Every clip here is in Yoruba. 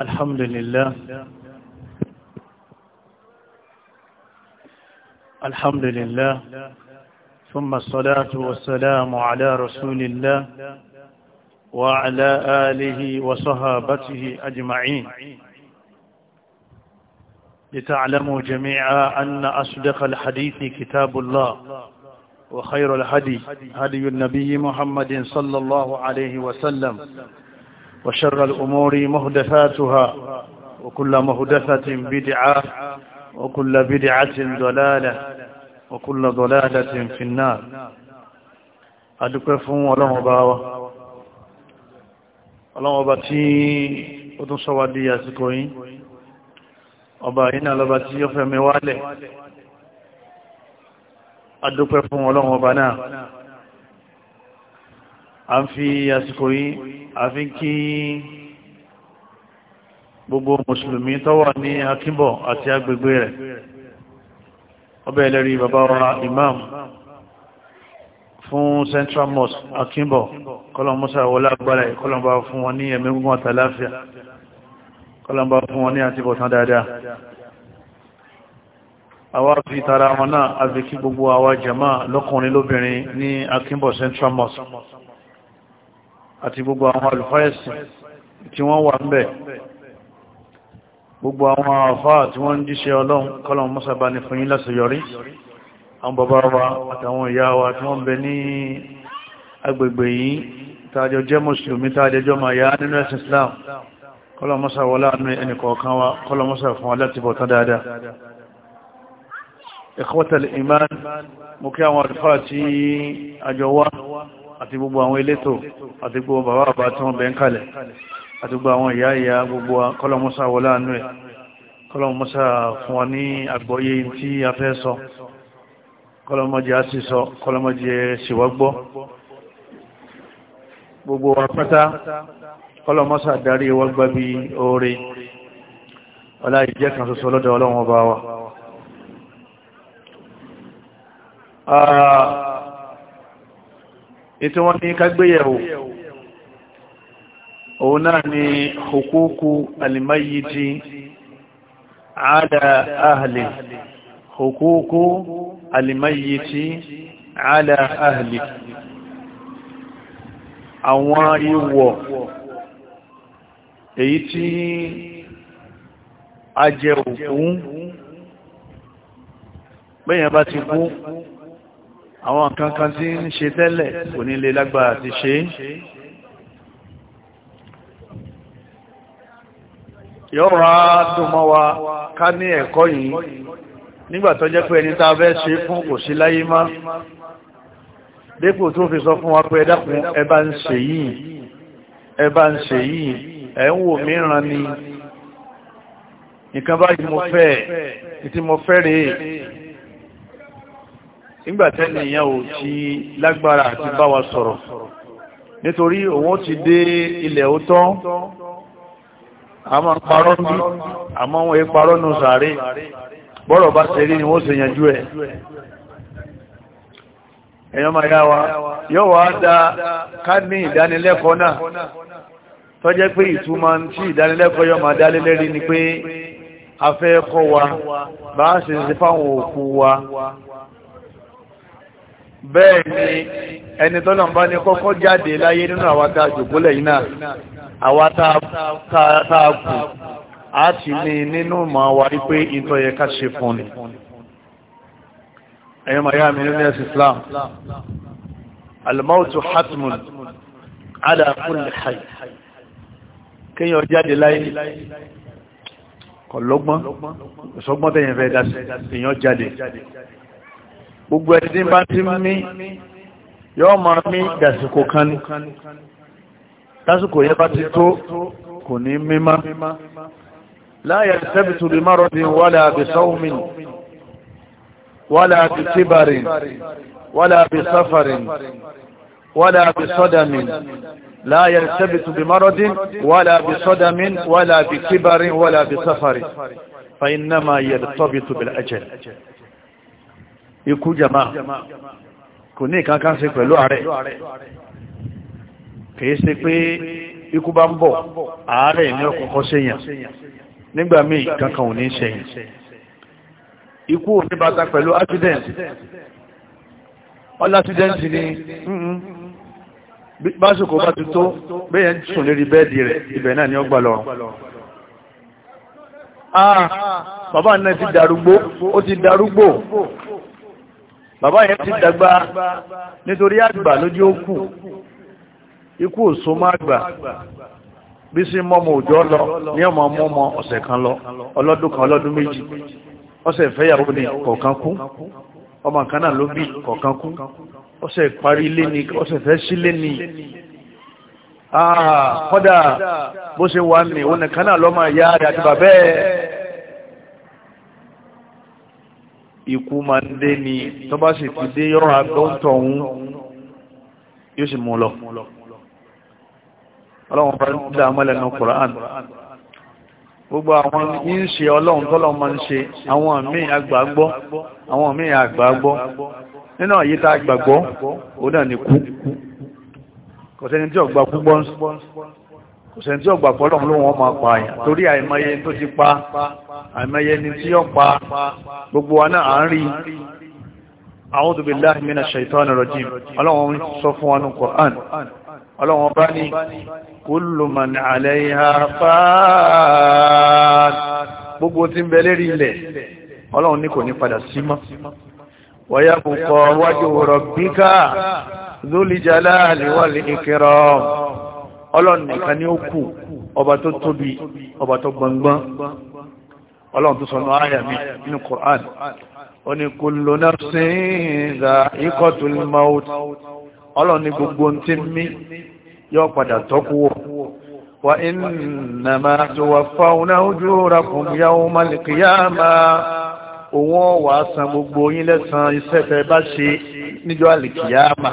الحمد لله الحمد لله ثم الصلاة والسلام على رسول الله وعلى آله وصحابته أجمعين لتعلموا جميعا أن أصدق الحديث كتاب الله وخير الهدي هدي النبي محمد صلى الله عليه وسلم وشر الأمور مهدفاتها وكل مهدفة بدعة وكل بدعة ضلالة وكل ضلالة في النار أدقفهم ولهم باوة ولهم باتي أدن صوادي يسكوين وباين لباتي يفهم والي أدقفهم ولهم بناه a ń fi àsìkò yìí a fi kí gbogbo mùsùlùmí tó wà ní akíbọ̀ àti agbègbè rẹ̀ ọbẹ̀ ẹlẹ́rí bàbá wa imam fún central mosque akimbo kọlọmọsà wọlé agbára ẹ̀ kọlọmọba fún wọn ní ẹ̀mí gúnmọ̀ àtàláfíà kọlọmọba fún wọn ní àtibọ̀tán dáadáa àwa fi tara wọn náà a fi kí gbogbo àwa jàmáà lọ́kùnrin lóbìnrin ní akíbọ̀ central mosque àti gbogbo àwọn àlùfáà ẹ̀sìn tí wọ́n wà ń bẹ̀ gbogbo àwọn àfáà tí wọ́n ń díṣẹ́ ọlọ́run kọ́lọ̀n mọ́sàbá ní fún yín láṣeyọrí àwọn bàbá wa àtàwọn ìyá wa tí wọ́n bẹ ní agbègbè yìí tààjọ jẹ́ mùsùlùmí tààjọ jọ wa kọ́lọ̀n mọ́sà fún wa iman mo kí àwọn àlùfáà tí àjọ wa àti gbogbo àwọn elétò àti gbogbo bàbá bàbá tí wọ́n bẹ̀ ń kalẹ̀ àti gbogbo àwọn ìyá ìyá gbogbo kọ́lọ̀mọ́sá wọlé àánú ẹ̀ kọ́lọ̀mọ́sá fún wa ní àgbọ́yé tí a fẹ́ sọ kọ́lọ̀mọ́jẹ́ á sì sọ kọ́lọ̀mọ́jẹ́ síwọ́gbọ́ gbogbo apẹ́ta kọ́lọ̀mọ́sá darí wọ́n gbábí oore ọlá ìjẹ́ kan ṣoṣo lọ́dọ̀ ọlọ́run ọba wa ah, ètò wọn ní kágbéyẹ̀wò òun náà ni hukuku alimayiti ala ahli hukuku alimayiti ala ahli àwọn ìwọ̀ èyí tí a jẹ òkú bẹ́yàn bá ti kú àwọn kankan tí ń ṣe tẹ́lẹ̀ kò ní lè lágbára ti ṣe yọ́ra dùnmọ́ wa ká ní ẹ̀kọ́ yìí nígbà tó jẹ́ pé ẹni tá fẹ́ ṣe fún kò sí láyé má dépò tó fi sọ fún wa pé ẹ̀dàkùn ẹbá ń ṣe yìí ẹbá ń ṣe yìí ẹ̀ ń wò mìíràn ni nǹkan báyìí mo fẹ́ nígbàtẹ́ nìyàn ò ti lágbára àti bá wa sọ̀rọ̀ nítorí òun ti dé ilẹ̀ ó tán àmọ́ parọ́ bí àmọ́ wọn parọ́ nù sàárè bọ́rọ̀ bá ṣe rí ni wọ́n ṣe yanjú ẹ̀ ẹ̀yọ́ máa yá wa yóò wá dá ká ní ìdánilẹ́kọ̀ọ́ náà tó pé ìtumọ̀ tí ìdánilẹ́kọ̀ọ́ yóò máa dá lé ni pé afẹ́ kọ́ wa bá ṣe fáwọn òkú wa bẹ́ẹ̀ ni ẹni tọ́nà bá ní kọ́kọ́ jáde láyé nínú àwátá jòkólẹ̀ yìí náà àwátá kù á ti ní nínú ma wà wípé ìtọ́yẹ ká ṣe fún ni ẹ̀yọ́ maya mi nínú ẹ̀sì Islam alimautu hatmun ala kulli hayy kíyàn jáde láyé kọ̀lọ́gbọ́n ìṣọ́gbọ́n tẹ́yìn fẹ́ dá sí jáde gbogbo ẹni tí bá ti mí yọ́ ma mí dàsìkò kan ní dásìkò yẹ bá ti tó kò ní mímá láyé sẹ́bìtù lè márọ̀ ní wàlá àbí sọ́wọ́mí wàlá àbí tíbarin wàlá àbí sáfarin wàlá àbí sọ́damin láyé sẹ́bìtù lè márọ̀ dín wàlá àbí sọ́damin wàlá àbí tíbarin wàlá àbí sáfarin fa iná ma yẹ tọ́bìtù bil ajal ikú jama kò ní ìkankan ṣe pẹ̀lú ààrẹ kìí ṣe pé ikú bá ń bọ̀ ààrẹ ní ọkọ̀ọ̀kọ́ sẹ́yìn nígbà míì ò ní sẹ́yìn ikú ò ní bàtà pẹ̀lú accident all accident ni básùkò bá ti tó bẹ́yẹn sùn lérí bẹ́ẹ̀dì rẹ̀ ibẹ̀ náà ni ó gbà lọ ah bàbá náà ti darúgbó ó ti darúgbó bàbá yẹn ti dàgbà nítorí àgbà lójú ó kù ikú òso má gbà bí sí mọ́mọ́ òjò lọ ní ọmọ mọ́mọ́ ọ̀sẹ̀ kan lọ ọlọ́dún kan ọlọ́dún méjì ọ̀sẹ̀ fẹ́yàwó ni kọ̀ọ̀kan kú ọmọ kan náà ló bí kọ̀ọ̀kan kú ọ̀sẹ̀ parí ilé ni fẹ́ sílé ni kọ́dà bó ṣe wà ní òun nìkan lọ́mọ ìyá àti bàbá ikú máa ń dé ni tó bá sì ti dé yọ́rọ̀ àgbọ́ntọ̀ òun yóò sì mú lọ ọlọ́run bá ń dá amọ́lẹ̀nu Qur'an gbogbo àwọn ìṣe ọlọ́run tọ́lọ́ máa ń ṣe àwọn míì àgbàgbọ́ àwọn míì àgbàgbọ́ nínú àyè tá àgbàgbọ́ ó dà ní kú kò sẹ́ni tí ọ̀gbà kú gbọ́nsí òsèǹ tí ọgbà pọ́lọ̀ ló wọ́n máa pa àyàn torí àìmọye tó ti pa àìmọye ni tí ó pa gbogbo wa náà à ń rí a'udhu billahi minash shaitani sọ fún wa ní Qur'an ọlọ́run bá ní kullu man 'alayha fan gbogbo tí ń bẹ lérí ilẹ̀ ọlọ́run ní wal ikram ọlọ́run nìkan ni ó kù ọba tó tóbi ọba tó gbọngbọ́n ọlọ́run tó sọ̀nà àyà mi nínú Qur'an ó ní kullu nafsin dha'iqatul maut ọlọ́run ní gbogbo tí mí yóò padà tọ́kú wọ̀ wa innama tuwaffawna ujurakum yawmal qiyamah òun ọ̀wà san gbogbo yín lẹ́san iṣẹ́ fẹ́ bá ṣe níjọ́ àlìkìyàmà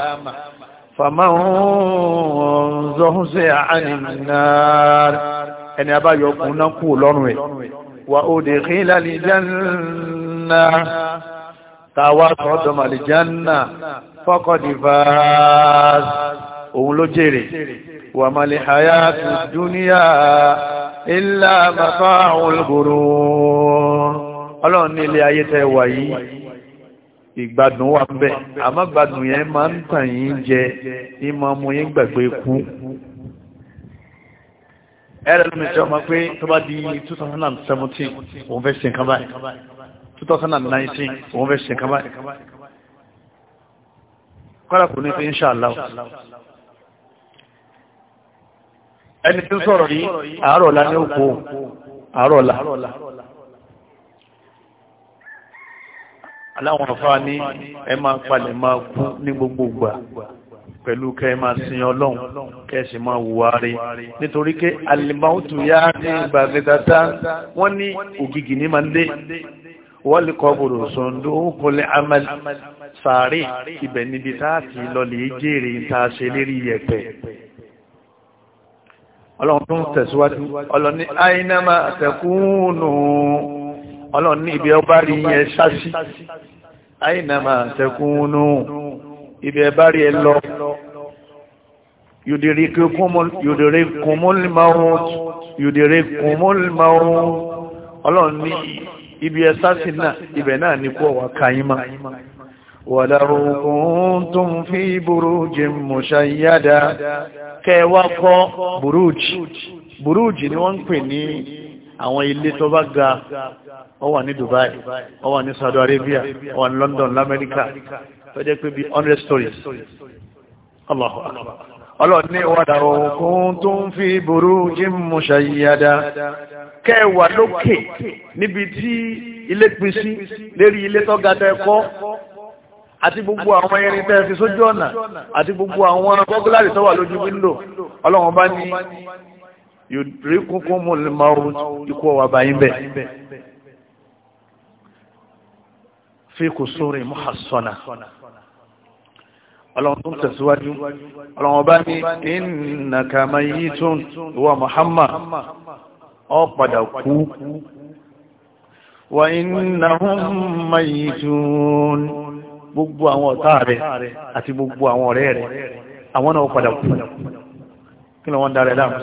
fàmà ń zọ̀hún sí àánìyàn ẹni abáyọ ọkùnrin náà kú lọ́rùn ẹ̀ wà ó dè kí lálẹ́ jẹ́nà tàwa sọ́dọ̀ màlẹ́ jẹ́nà fọ́kọ̀dì fàáz òun ló jèrè wà màlẹ́ àyà tó dúníyà ilá bàbá àwọn olùgbòrò ọlọ́run ní ilé ayé tẹ́ wà yìí ìgbádùn wà ń bẹ àmọ́ gbádùn yẹn máa ń tàn yín jẹ ní máa mú yín gbàgbé kú ẹ̀rẹ́ lómi jẹ́ ọmọ pé tó bá di 2017 òun fẹ́ ṣe nǹkan báyìí 2019 òun fẹ́ ṣe nǹkan báyìí kọ́lá kò ní fi ń ṣàlá ẹni tí ń sọ̀rọ̀ yìí àárọ̀ ọ̀la ní òkú àárọ̀ ọ̀la aláwọn afá ní ẹ máa palẹ̀ máa kú ní gbogbo ìgbà pẹ̀lú kẹ máa sin ọlọ́run kẹsì máa wùwá rí nítorí kí alìmáwùtù yá ní gbàgbẹ́dàtà wọ́n ní ògìgì ní máa ń sọ̀ndó kọlẹ̀ amal sàárè ibẹ̀ níbi táàtì lọlẹ̀ jèrè ta ṣe lérí yẹ̀pẹ̀ ọlọ́run tó ń tẹ̀síwájú ọlọ́ni àìnàmà àtẹ̀kùnù ọlọ́ni ibi ọba rí yẹn ṣáṣí àìnàmà tẹkùnúnú ibi ẹ̀bá rí ẹ lọ yòdèrè kùmọ́lìmáwòt yòdèrè kùmọ́lìmáwòt ọlọ́run ní ibi ẹ̀sá sí náà ibẹ̀ náà ní kó wà káyímá wàdàrú kuntum fi burújì mùsáyádá kẹwàá kọ́ burújì burújì ni wọ́n ń pè ní àwọn ilé tó bá ga ó wà ní Dubai ó wà ní Saudi Arabia ó wà ní London lamẹ́ríkà tó jẹ́ pé bí 100 stories Allahu Akbar ọlọ́run ní wàdà òkun tó ń fi burujin mushayyada kẹwàá lókè níbi tí ilé pín sí lérí ilé tó ga tẹ́kọ́ àti gbogbo àwọn irin tẹ́ fi sójú ọ̀nà àti gbogbo àwọn gọ́gúlárì yòdìrí kúnkún mú lèmọ́rù ikú ọwà báyìí bẹ́ẹ̀ fi kò sóre muhassana ọlọ́run tó ń tẹ̀síwájú ọlọ́run bá ní innaka mayitun wa muhammad ọ padà kú wa innahum mayitun gbogbo àwọn ọ̀tá rẹ̀ àti gbogbo àwọn ọ̀rẹ́ rẹ̀ àwọn náà padà kú kí ni wọ́n dára dáàmù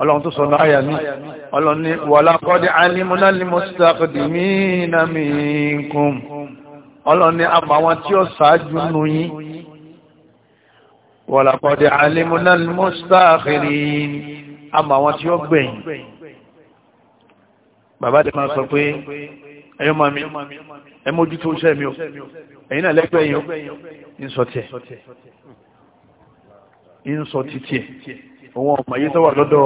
ọlọ́run tó sọ̀nà àyà ní ọlọ́run ní wàlákọ́dé alímúná ní mọ́sílẹ̀kọ́dìmí nàmì kùn ọlọ́run ní àbàwọn tí ó sáájú nù yín wàlákọ́dé alímúná ní mọ́sílẹ̀kọ́dìmí àbàwọn tí ó gbẹ̀yìn bàbá ti máa sọ pé ẹyọ́ máa mi ẹ mójú òun ọmọ yìí tó wà lọ́dọ̀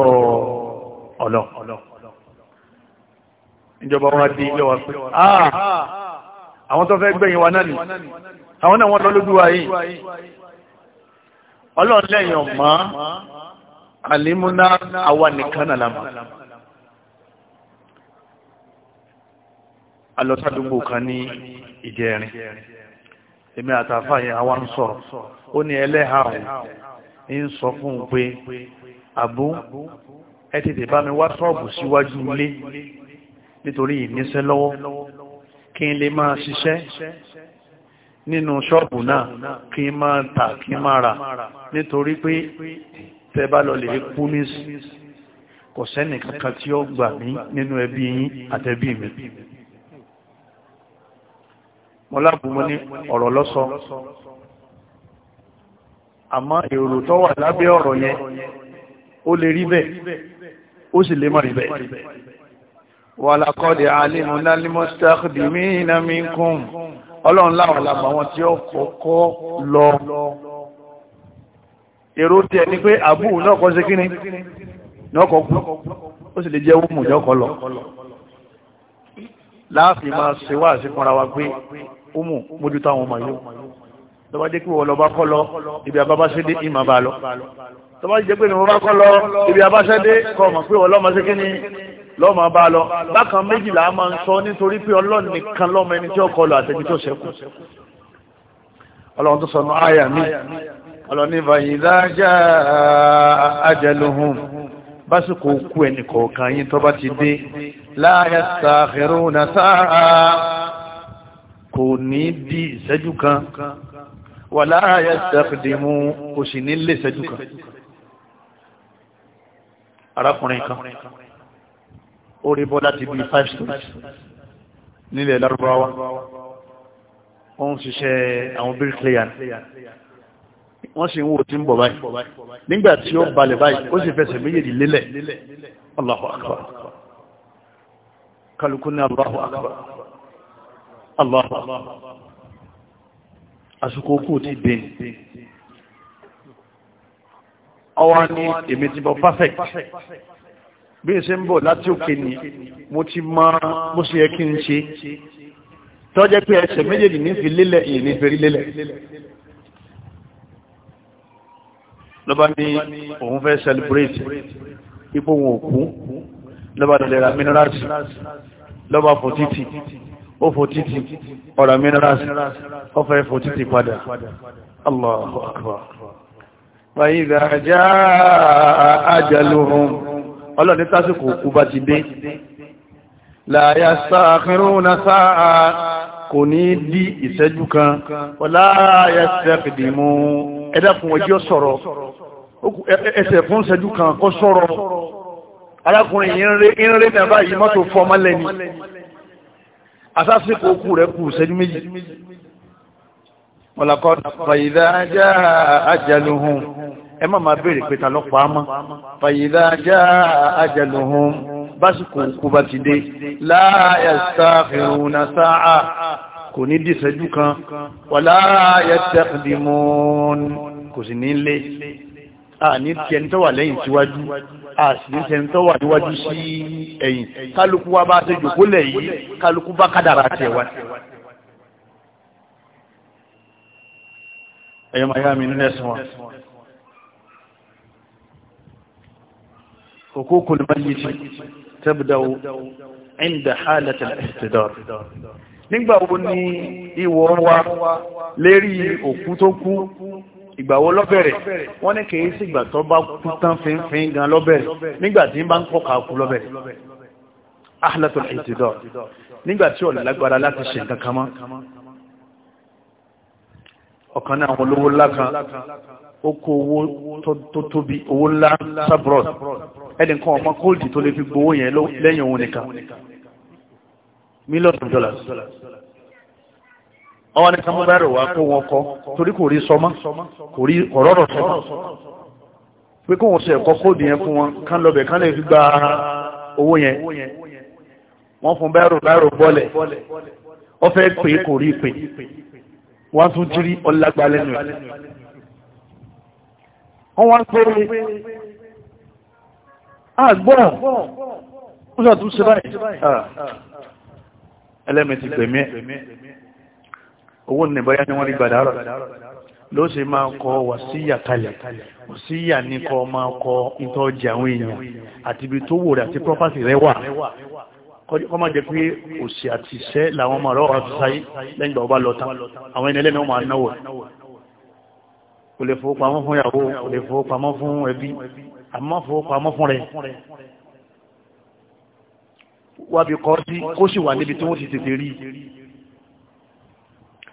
ọ̀lọ́ ìjọba wọn ti ilé wa pé ah, àwọn tó fẹ́ gbẹ̀yìn wa náà ni àwọn náà wọ́n lọ lójú wa yìí ọlọ́run lẹ́yìn ọ̀má àlímúná àwa nìkan náà lámà alọ́sàdúgbò kan ní ìjẹrin èmi àtàfà yẹn àwa ń sọ̀rọ̀ ó ní ẹlẹ́hàá ń sọ fún un pé àbú ẹ tètè bá mi wá sọ́ọ̀bù síwájú ilé nítorí ìníṣẹ́ lọ́wọ́ kí n lè máa ṣiṣẹ́ nínú ṣọ́ọ̀bù náà kí n máa tà kí n máa rà nítorí pé tẹ lọ lè kú nísì kò sẹ́nì kankan tí ó gbà mí nínú ẹbí yín àtẹbí mi mọ́lábùmọ́ ní ọ̀rọ̀ lọ́sọ àmọ́ èrò tó wà lábẹ́ ọ̀rọ̀ yẹn ó lè rí bẹ́ẹ̀ ó sì lè má rí bẹ́ẹ̀ wàlàkọ́dẹ̀ alimu lálímọ́sítáàdìmínà minkum ọlọ́run láwọn làmà wọn tí ó kọ́kọ́ lọ èrò tí ẹni pé àbú láàfin máa ṣe wá sí fúnra wa pé òmù mójútó àwọn ọmọ yóò tọ́ba jẹ́ pé wọ́n lọ́ba kọ́ lọ ibi abábáṣẹ́dé ìmọ̀ bá lọ tọ́ba jẹ́ pé wọ́n bá kọ́ lọ ibi abáṣẹ́dé kọ́ mọ̀ pé wọ́n lọ́mọ sí kíní lọ́mọ bá lọ bákan méjìlá máa ń sọ nítorí pé ọlọ́run nìkan lọ́mọ ẹni tí ó kọ lọ àtẹ̀bí tó ṣẹ́kù ọlọ́run tó sọnù àyà mi la yastakhiruna sa'a kò ní bí ìṣẹ́jú wà láàáyà ìsẹ́fìdìmú kò sì ní lè ṣẹ́jú kan arákùnrin kan ó rí bọ́ láti bí 5 stories nílẹ̀ lárúbáwá ó ń ṣiṣẹ́ àwọn bricklayer wọ́n sì ń wò tí ń bọ̀ báyìí nígbà tí ó balẹ̀ báyìí ó sì fẹsẹ̀ méjèèjì lélẹ̀ Allahu akbar kálukú ní àsìkò kú ti dé ní ọwá ní èmi ti bọ̀ perfect bí i ṣe ń bọ̀ láti òkè ní mo ti ma mo ṣe yẹ kí n ṣe tọ́jẹ́ pé ẹsẹ̀ méjèèjì ní fi lélẹ̀ èyí ní fẹ́rí lélẹ̀ lọ́ba ní òun fẹ́ celebrate ipò wọn òkú lọ́ba dẹ̀lẹ̀ra minerals lọ́ba fòtítì ó fò títì ọ̀rọ̀ minerals ó fẹ́ fò títì padà Allahu akbar fàyíza ajá ajaluhum ọlọ́ni tásìkò kú bá ti dé láyá sáàkìrúnà sáà kò ní dí ìṣẹ́jú kan láyá sẹ́kìdìmú ẹ̀dàkùn ọjọ́ sọ̀rọ̀ ẹsẹ̀ fún ìṣẹ́jú kan kọ́ sọ̀rọ̀ arákùnrin ìrìnrìn asásìkò okú rẹ̀ kù ṣẹ́jú méjì ọ̀làkọ́ fàyídá ajá ajaluhun ẹ má máa béèrè pé ta ló pa á mọ́ fàyídá ajá ajaluhun básìkò okú bá ti dé láàyà sáfihàn na sáà àṣìṣẹ́ tó wà níwájú sí ẹ̀yìn kálukú wa bá ṣe jòkó lẹ̀ yìí kálukú bá kádàrà tiẹ̀ wá. ẹ̀yọ́ máa yá mi nínú ẹ̀sìn wa. حقوق الميت تبدأ عند حالة الاحتضار nígbà wo ni ìwọ̀ wa lérí òkú tó kú ìgbà wo ló bẹ̀rẹ̀ wọ́n ní kìí sí ìgbà tó bá kú tán fínfín gan ló bẹ̀rẹ̀ nígbà tí ń bá ń kọ́kà kú ló bẹ̀rẹ̀ ahlatul ìtìdọ̀ nígbà tí ò lágbára láti ṣe nǹkan kan mọ́ ọ̀kan ọwọ́ ní samubẹ́rù wá kó wọn kọ́ torí kò rí sọmá kò rí ọ̀rọ̀rọ̀ sọmá pé kó wọn ṣe ẹ̀kọ́ kóòdù yẹn fún wọn kán lọ́bẹ̀ kán lè fi gba owó yẹn wọ́n fún bẹ́rù bẹ́rù bọ́lẹ̀ ọ fẹ́ pé kò rí pé wọ́n tún jírí ọlágbá lẹ́nu ẹ̀ wọ́n wá pé àgbọ̀n ó sàtúnṣe báyìí ah, ẹlẹ́mìtì gbẹ̀mí ẹ̀ owó ní bọ́yá ni wọ́n rí gbàdá rọ̀ ló sì máa kọ wàsíyà kalẹ̀ wàsíyà ní kọ máa kọ ìtọ́jú àwọn èèyàn àti ibi tó wò rẹ̀ àti property rẹ̀ wà kọ́ máa jẹ pé òsì àti iṣẹ́ làwọn ọmọ ọ̀rọ̀ ọ̀rọ̀ sáyé lẹ́yìn ìgbà ọba lọ́ta àwọn ẹni ẹlẹ́ni ọmọ ànáwò kò lè fowópamọ́ fún ìyàwó kò lè fowópamọ́ fún ẹbí àmọ́ fowópamọ́ fún rẹ̀ wábi kọ́ sí kó sì wà níbi tí wọ́n ti tètè rí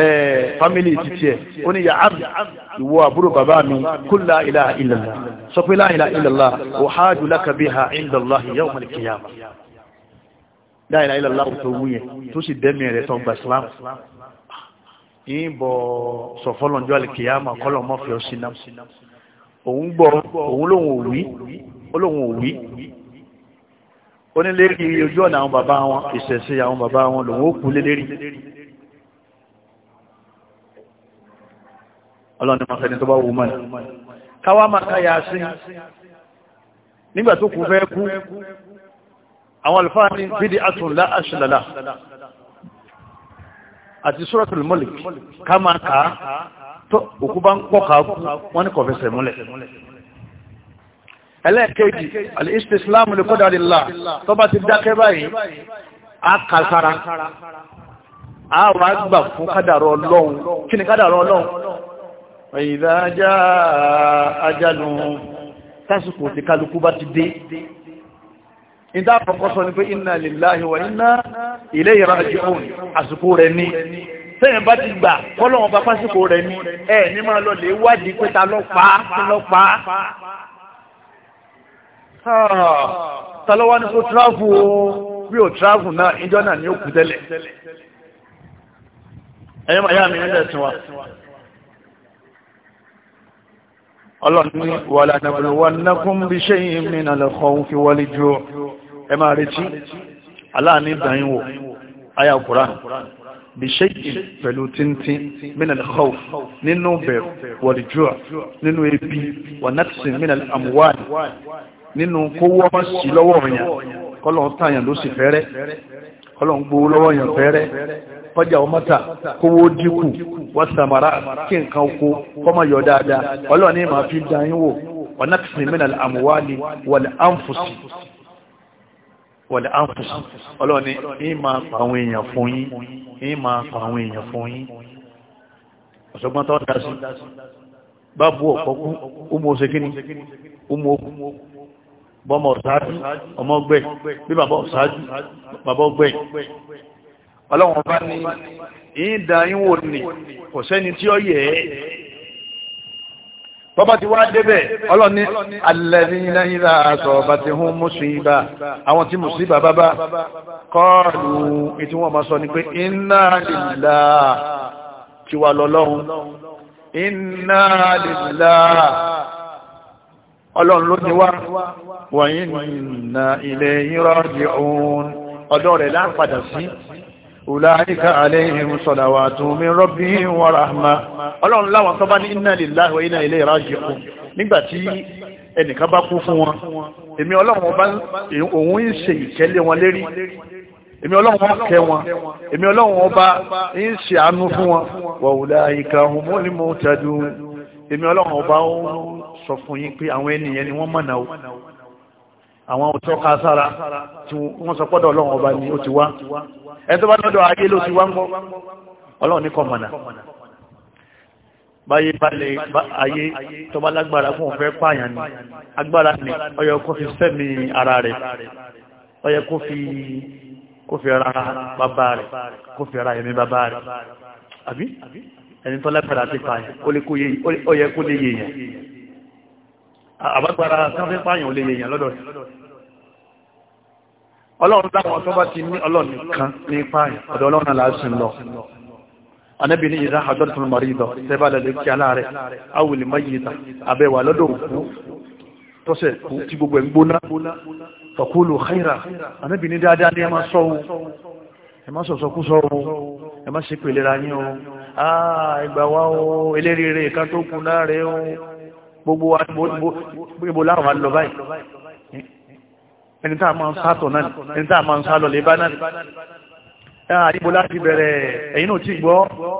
Eh, family titi ẹ ó ní ya abdi ìwọ àbúrò bàbá mi kul la ilaha illallah sọ pé la ilaha illallah uhaju laka biha indallahi yawm al-qiyamah la ilaha illallah tó wúyẹ tó sì dẹ́mi rẹ̀ tó gba islam yìí bọ̀ sọ̀fọ́lọ́njọ́ alìkìyàmà kọ́lọ̀ mọ́ fi ọ sínú òun gbọ́ òun lòun ò wí olóhun ò wí ó ní ojú ọ̀nà àwọn bàbá wọn ìṣẹ̀ṣe àwọn bàbá wọn lòun ó kú lé lérí ọlọ́ni máa sẹni tó bá wù mọ́ ẹ̀ káwá máa ká yàásí nígbà tó kù fẹ́ kú àwọn alfáà ní bídí àtúnlá àṣìlálà àti suratul mulk ká máa ká tó òkú bá ń pọ̀ ká kú wọ́n ní kọfẹsẹ̀ múlẹ̀ ẹlẹ́ẹ̀kejì alìsìsìláàmù lè kọ́dà lílá tó bá ti dákẹ́ báyìí a kàkàrà a ìdá ajá ajálù tásìkò tí kálukú bá ti dé ìdá sọ ni pé inna lillahi wa inna ilayhi raji'un àsìkò rẹ̀ ní sẹ́yìn bá ti gbà kọ́lọ́wọ́n bá pásìkò rẹ̀ ní ẹ̀ ní máa lọ lè wádìí pé ta ló pa ta ló pa ta ló ọlọ́ni wàlá nàbùwànákún bí ṣe yìí mìnà lẹ́kọ̀ọ́ fi wọlé jù ẹ máa retí aláàní ìdáyìnwò ayà kùrán bí ṣe yìí pẹ̀lú tíntín mìnà lẹ́kọ̀ọ́ nínú bẹ̀rù wọlé jù nínú ebi wà nàtìsì mìnà nínú kówó kọjá ọmọ ta kówó dínkù wọ́n sàmàrà kí nǹkan oko kọ́mọ yọ dáadáa ọlọ́ọ̀ni màá fi dàn yín wò ọ̀nà kìsìn mí nàlẹ́ àmúwálì wọ̀lẹ̀ àǹfùsì wọ̀lẹ̀ àǹfùsì ọlọ́ọ̀ni yín máa pa àwọn èèyàn fún yín yín máa pa àwọn èèyàn fún yín ọ̀sọ́gbọ́n tó dá sí bá bú ọ̀pọ̀kú ọmọ òṣèkíní ọmọ ogun bọ́mọ̀ ọ̀sáájú ọmọ ọgbẹ́ bí bàbá ọ̀sáájú bàbá ọgbẹ́ ọlọ́run bá ní ìdá yíwò ní kò sẹ́ni tí ó yẹ ẹ́ bọ́bá ti wá débẹ̀ ọlọ́ni alladhina idha asabatuhum musiba àwọn tí musiba bábá qalu ètí wọ́n máa sọ ní pé inna lillahi ti wà lọ́lọ́run inna lillahi ọlọ́run ló ní wá wa inna ilayhi raji'un Ulaika alayhim salawatu min rabbihim wa rahma. Ọlọ́run láwọn tó bá ní inna lillahi wa inna ilayhi raji'un. Nígbàtí ẹnìkan bá kú fún wọn, èmi ọlọ́run bá òun ń ṣe ìkẹ́lé wọn lérí. Èmi ọlọ́run kẹ́ wọn. Èmi ọlọ́run ọba ń ṣe àánú fún wọn. Wa ulaika humul muhtadun. Èmi ọlọ́run ọba ń sọ fún yín pé àwọn ènìyàn ni wọ́n mọ̀nà o àwọn òtọ́ka sára tí wọ́n sọ pọ́dọ̀ ọlọ́run ọba ni ó ti wá ẹ tó bá lọ́dọ̀ ayé ló ti wá ń gbọ́ ọlọ́run ní kọmọ̀nà báyé balẹ̀ ayé tó bá lágbára fún ọ̀fẹ́ pààyàn ni agbára ni ọyọ kó fi sẹ́mi ara rẹ̀ ọyọ kó fi kó fi ra bàbá rẹ̀ kó fi ra ẹ̀mí bàbá rẹ̀ àbí ẹni tó lágbára ti pààyàn ó yẹ kó lè yèèyàn àbágbára kan fi pààyàn lè yèèyàn lọ́dọ̀ rẹ̀ ọlọ́run láwọn tó bá ti ní ọlọ́run nìkan ní ipá ọ̀dọ̀ ọlọ́run aláàṣì lọ anábì ní ìdá àjọ́dún maridọ̀ tẹ́bà lẹ́lẹ́ kí aláàrẹ̀ awùlì mayita abẹ́wà lọ́dọ̀ òkú tọ́sẹ̀ tí gbogbo ẹ̀ ń gbóná fàkúlù khaira anábì ní dáadáa ní ẹmà sọ́wọ́ ah ìgbà wa o eléré rẹ̀ kan tó kù láàrẹ̀ o gbogbo wa níbo láwọn ẹni tá a máa ń sátọ̀ náà ẹni tá a máa ń sálọ lè bá náà ah, àdìbò láti bẹ̀rẹ̀ ẹ̀yìn náà ti gbọ́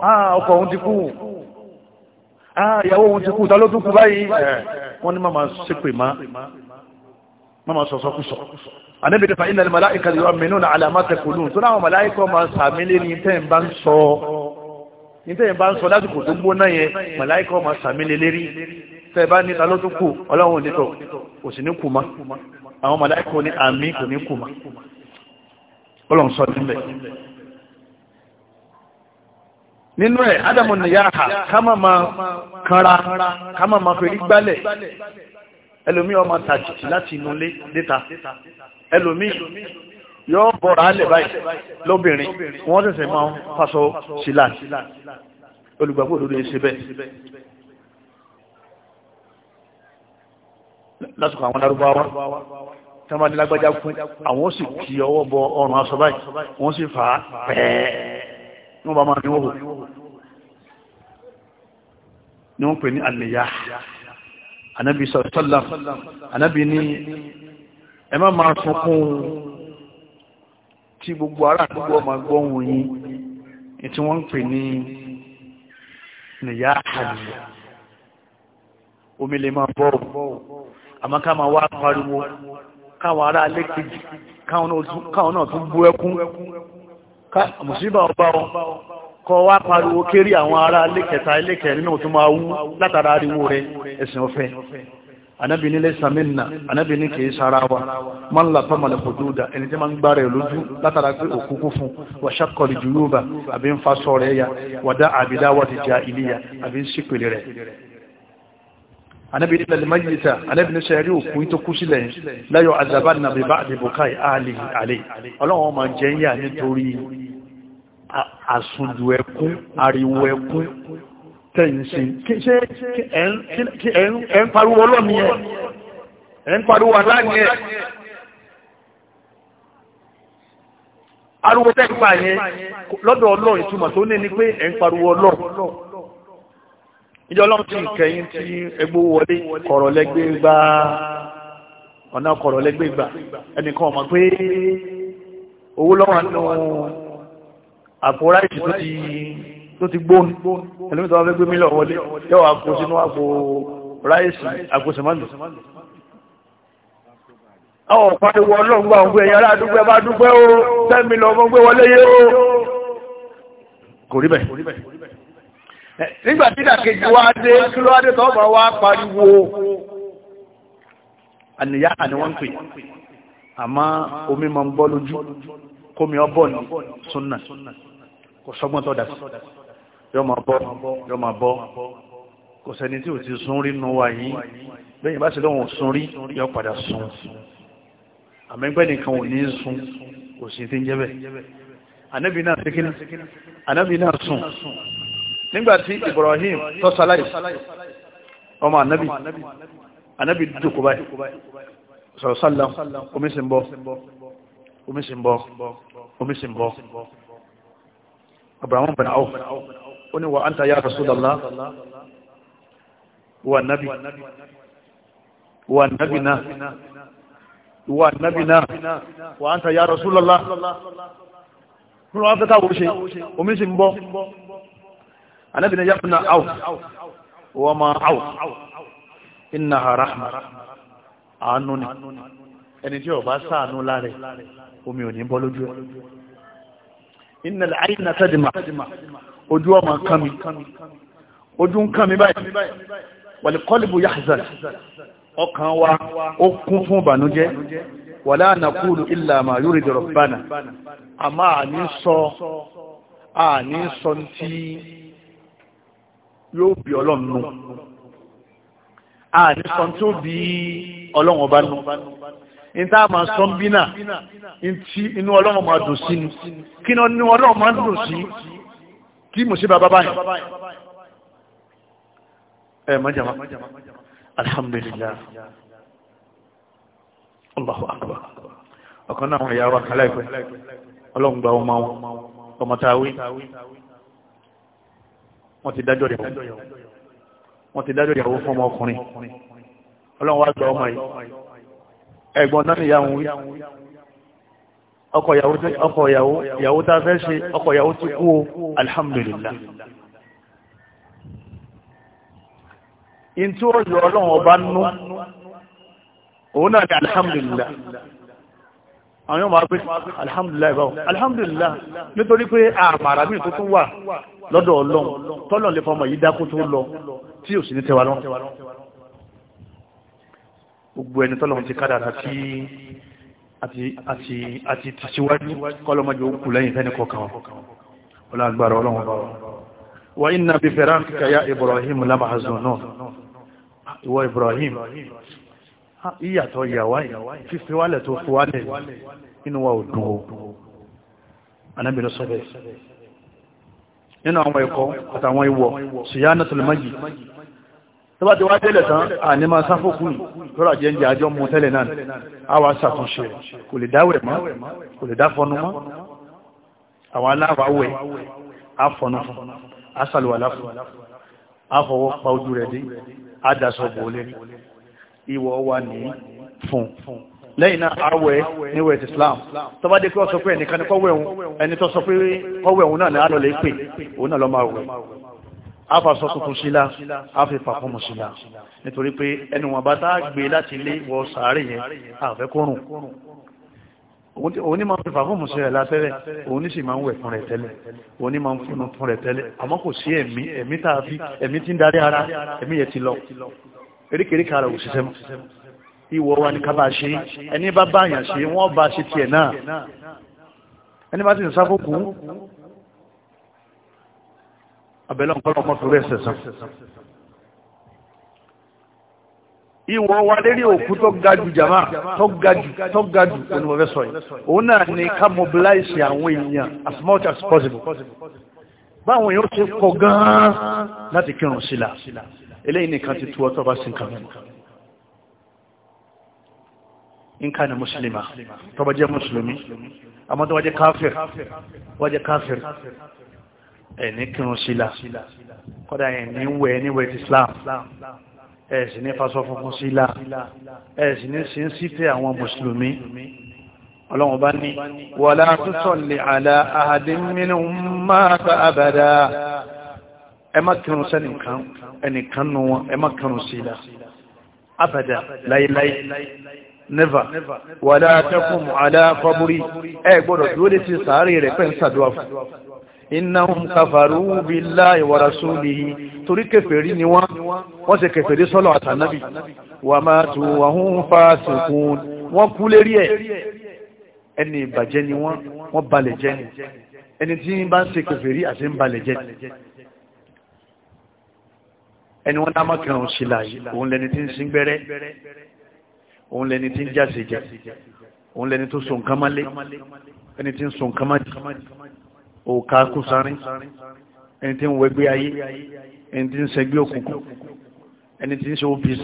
ah, ọkọ òun ti kú ah, ìyàwó òun ti kú ta ló tún kú báyìí eh, wọ́n ní máa ṣépè má máa sọ̀sọ́kùsọ̀ àníbìdì fa ilẹ̀ màláìkà yóò mẹ́nu ní àlàmátẹ̀kùnú tó láwọn màláìkà máa sàmílé ní tẹ́ ń àwọn màláìkò ní àmì kò ní kùmà ọlọ́run sọ níbẹ̀ nínú ẹ̀ adamu nìyáha káma ma kanra káma ma fèrè gbálẹ̀ ẹlòmí ọmọ tàjìtì láti inú lé déta ẹlòmí yóò bọ̀rọ̀ alẹ̀ báyìí lóbìnrin wọ́n tẹ̀sẹ̀ máa ń fásọ sílá olùgbàgbọ́ òdodo yìí ṣe bẹ́ẹ̀ lásìkò àwọn arúgbáwá tẹ́mọ̀dé lágbájá kú àwọn sì kí ọwọ́ bọ ọrùn aṣọ báyìí wọ́n sì fà á pẹ́ẹ́ ní wọ́n bá máa níwò ni wọ́n pè ní àlèyà anábi sọ̀tọ́lá anábi ní ẹ má máa sunkún tí gbogbo ará àdúgbò máa gbọ́hùn yín tí wọ́n pè ní àlèyà àlèyà omi lè máa bọ́ọ̀ àmọ́ ká máa wá pariwo káwọn ará lẹ́kẹ̀jì káwọn náà tún bú ẹkún mùsùlùmí ọba wọn kọ wá pariwo kéré àwọn ará lẹ́kẹta lẹ́kẹ̀ nínú tó máa wú látara ariwo rẹ ẹ̀sìn ọ̀fẹ́ anábì nílé samina anábì ní kìí sára wa máa ń la fọ́mà lè fojú da ẹni tí máa ń gbá rẹ̀ lójú látara pé òkúkú fún wà ṣàkọlì jùlọ bá àbí ń fa sọ rẹ̀ ya wàdá àbídáwà ti jà ìlíya àbí ń sípèlè rẹ̀ anabi ilẹ̀ limayita anabi ní sẹ́rí òkú tó kú sílẹ̀ lẹ́yọ̀ azaba nàbí bá àdìbòkáì àlè àlè ọlọ́wọ́n ma jẹ́ yà nítorí àsùnjù ẹkún ariwo ẹkún tẹ́yìnsí kí ẹ ń pariwo ọlọ́ni ẹ ẹ ń pariwo aláni ẹ ariwo tẹ́gbà yẹn lọ́dọ̀ ọlọ́ ìtumọ̀ tó ní ni pé ẹ ń pariwo ọlọ́ ìjọ ọlọ́run ti kẹyìn tí egbó wọlé kọ̀rọ̀ lẹ́gbẹ́ gbá ọ̀nà kọ̀rọ̀ lẹ́gbẹ́ gbà ẹnìkan ọmọ pé owó lọ́wọ́ nínú àpò ráìsì tó ti gbóhùn ẹlẹ́mìí tó wá fẹ́ gbé mílọ̀ wọlé yọ́wọ́ àpò sínú àpò ráìsì àpò sèmáńdù àwọn ọ̀pàdéwọ ọlọ́run gbà ọ̀gbẹ́ ẹ̀yà aládùúgbẹ́ bá dúpẹ́ ó tẹ́mi lọ wọlé yé ó kò rí bẹ́ẹ̀ nígbà tí ìdàkejì wá dé kí ló wá dé tọ́ bá wá pariwo àníyá àni wọ́n ń pè àmọ́ omi máa ń bọ́ lójú kómi ọbọ̀ ní súnà kò sọ́gbọ́n tó dà sí yóò máa bọ́ yóò máa bọ́ kò sẹ́ni tí ò ti sún rí nù wá yìí lẹ́yìn bá sì lọ́wọ́ sún rí yóò padà sún àmẹ́gbẹ́ nìkan ò ní sún kò sí ti ń jẹ́ bẹ́ẹ̀ anábì náà sún nígbàtí Ibrahim tó ṣaláyé ọmọ anabi anabi dúkù báyìí sọ̀rọ̀ sálàm omi sì ń bọ́ omi sì ń bọ́ omi sì ń bọ́ Abraham bin Auf ó ní wa anta ya Rasulullah wa nabi wa nabi náà wa nabi náà wa anta ya Rasulullah kúrò wọn fẹ́ káwọ́ ṣe omi sì ń bọ́ anábì ní yàpùnà áwù wọ́n ma áwù iná rahma àánú ni ẹni tí ó bá ṣàánú láre omi ò ní bọ́ lójú ẹ̀ iná àìyàn tẹ́dìmà ojú ọmọ kami ojú ń kami báyìí wàlẹ̀ kọ́lìbù yahzan ọkàn wa ó kún fún ìbànújẹ́ wàlá nàkúlù ìlà ma yuridu rabbana a máa ní a ní sọ tí yóò bí ọlọ́run nù àní sọ tó bí ọlọ́run ọba nù níta àmà sọ bí náà ntí inú ọlọ́run máa dùn sí ni kí ni inú ọlọ́run máa dùn sí kí mùsíbà bàbá yẹn ẹ mọ̀jàmá alhamdulillah allahu akbar ọkàn náà wọn yà wá kálá ìpẹ́ ọlọ́run gba ọmọ wọn ọmọ táwí wọ́n ti dájọ́ rẹ̀ wọ́n ti dájọ́ ìyàwó fún ọmọ ọkùnrin ọlọ́run wá gba ọmọ yìí ẹ̀gbọ́n náà ìyàwó wí ọkọ̀ ìyàwó tá fẹ́ ṣe ọkọ̀ ìyàwó ti kú o alhamdulillah in tí ó yọ ọlọ́run ọba nú òun náà ni alhamdulillah àwọn yóò máa pé alhamdulillah ìbáwọ̀ alhamdulillah nítorí pé àmàrà mi tó tún wà lọ́dọ̀ ọlọ́run tọ́lọ̀ lè fọmọ yìí dákú tó lọ tí ò sí ní tẹwa lọ́n gbogbo ẹni tọ́lọ̀ ti kádàrà àti ti síwájú òkú lẹ́yìn fẹ́ni kọ̀ọ̀kan ìyàtọ̀ yàwá fífi wálẹ̀ tó fi wálẹ̀ inú wa ò dùn ó anábì ló sọ bẹ́ẹ̀ nínú àwọn ẹ̀kọ́ àtàwọn ìwọ̀ ṣìyá náà tó lè máyì tó bá ti wá tẹ́lẹ̀ tán àní máa sáfòkú lọ́rọ̀ àjẹ́ ń jẹ́ àjọ mú tẹ́lẹ̀ náà a wá ṣàtúnṣe kò lè dáwẹ̀ ìwọ̀ wà ní fún lẹ́yìn náà àwẹ̀ ní islam tó bá dé kí wọ́n sọ pé ẹnìkan ní kọ́wẹ̀ òun ẹni tó sọ pé kọ́wẹ̀ òun náà ní alọ́lẹ̀ pè òun náà lọ máa wẹ̀ afasọ tuntun sílá afi pàfọ́mù sílá nítorí pé ẹnu wọn bá tá gbé láti ilé wọ sàárè yẹn àfẹ́kọ́rùn òun ní máa fi pàfọ́mù sílẹ̀ látẹ́rẹ̀ òun ní sì máa ń wẹ̀ rẹ̀ tẹ́lẹ̀ òun ní máa ń fún rẹ̀ tẹ́lẹ̀ àmọ́ kò sí ẹ̀mí ẹ̀mí tàbí ẹ̀mí tí ń darí ara ẹ̀mí yẹn ti lọ erékeré kan rẹ̀ ò ṣiṣẹ́ mọ́ ìwọ wa ni ká bá ṣe ẹni bá báyàn ṣe wọ́n bá ṣe tiẹ̀ náà ẹni bá ti ń sáfókù abẹ́lẹ́ ọ̀pọ̀lọpọ̀ ọmọ fúrẹ́ ṣẹ̀ṣẹ̀ ìwọ wa lérí òkú tó ga jù jàmá tó ga jù tó ga jù ẹni wọ́n fẹ́ sọ yìí òun náà ni ká mobilize àwọn èèyàn as much as possible báwọn èèyàn ṣe kọ gan-an láti kírun sílá eléyìí nìkan ti tuwọ́ tọ́ba sí nǹkan fún nǹkan ni mùsùlùmá tọ́ba jẹ́ mùsùlùmí àmọ́ tọ́ba jẹ́ káfíìr wọ́n jẹ́ káfíìr ẹ̀ní kírun sílá kọ́dà ẹ̀ní wẹ̀ níwẹ̀ ti Islam ẹ̀sìn ní fasọ funfun sílá ẹ̀sìn ní sí ń sífẹ́ àwọn mùsùlùmí ọlọ́run bá ní wala tusalli ala ahadin minhum mata abada ẹ má kírun sẹ́nìkan ẹnìkan nù wọn ẹ má kanù sí i la abada láíláí never wàlá atẹ́kùn àlá kọ́búrí ẹ gbọ́dọ̀ dúró lè ti sàárè rẹ̀ pẹ́ ń sàdúrà fún innahum kafaru billahi wa rasulihi torí kèfèrí ni wọ́n wọ́n ṣe kèfèrí sọ́lọ̀ àtànábì wa matu wa hum fasiqun wọ́n kú lérí ẹ̀ ẹni ìbàjẹ́ ni wọ́n balẹ̀ jẹ́ ẹni tí bá ń ṣe kèfèrí àti ń balẹ̀ jẹ́ ẹni wọ́n náà mọ́kàn òun sí láàyè òun lẹni tí ń sin gbẹ́rẹ́ òun lẹni tí ń jáse jẹ òun lẹni tó so nǹkan mọ́lé ẹni tí ń so nǹkan mọ́dì òkà kú sárín ẹni tí ń wẹgbẹ́ ayé ẹni tí ń sẹgbẹ́ òkùnkùn ẹni tí ń ṣe obis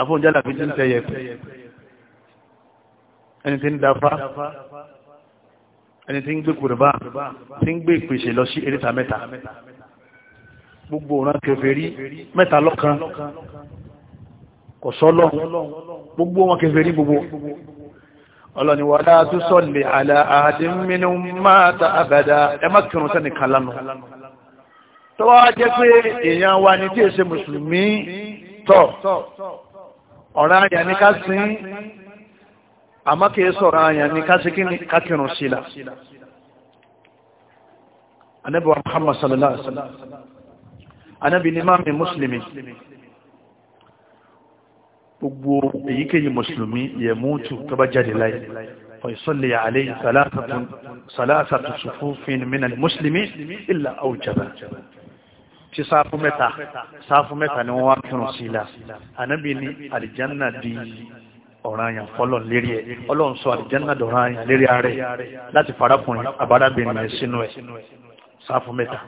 àfóúnjálà fi ń tẹ̀yẹ̀ pẹ̀ ẹni tí ń dafa ẹni tí ń gbé kùrùbá tí ń gbé ìpèsè lọ sí eréta mẹ́ta gbogbo òran kèfèrí mẹ́ta lọ́kan kò sọ́lọ́ gbogbo wọn kèfèrí gbogbo ọlọ́ni wà láà tún sọ́lẹ̀ àlà àdín mínú máa ta àbàdà ẹ má kírun sẹ́ni kan lánà tó wá jẹ́ pé èèyàn wa ní tí èsè mùsùlùmí tọ̀ ọ̀ràn àyà ní ká sin àmọ́ kìí sọ̀rọ̀ àyà ní ká sí ká kírun sílà Muhammad sallallahu alaihi wasallam anábi ni máa mi mùsùlùmí gbogbo èyíkéyìí mùsùlùmí yẹ mútu tó bá jáde láyé fọ̀ìsọ́lẹ̀ àlẹ́ ìsàlásàtù sùfúnfin mìíràn mùsùlùmí ìlà àwùjọba tí sáfù mẹ́ta sáfù mẹ́ta ni wọ́n wá kírun sí ilá anábi ni àlìjánà di ọ̀ranyàn fọ́lọ̀ lérí ẹ̀ ọlọ́run sọ àlìjánà dọ̀ranyàn lérí ààrẹ láti farakùnrin àbárábìnrin sínú ẹ̀ sáfù mẹ́ta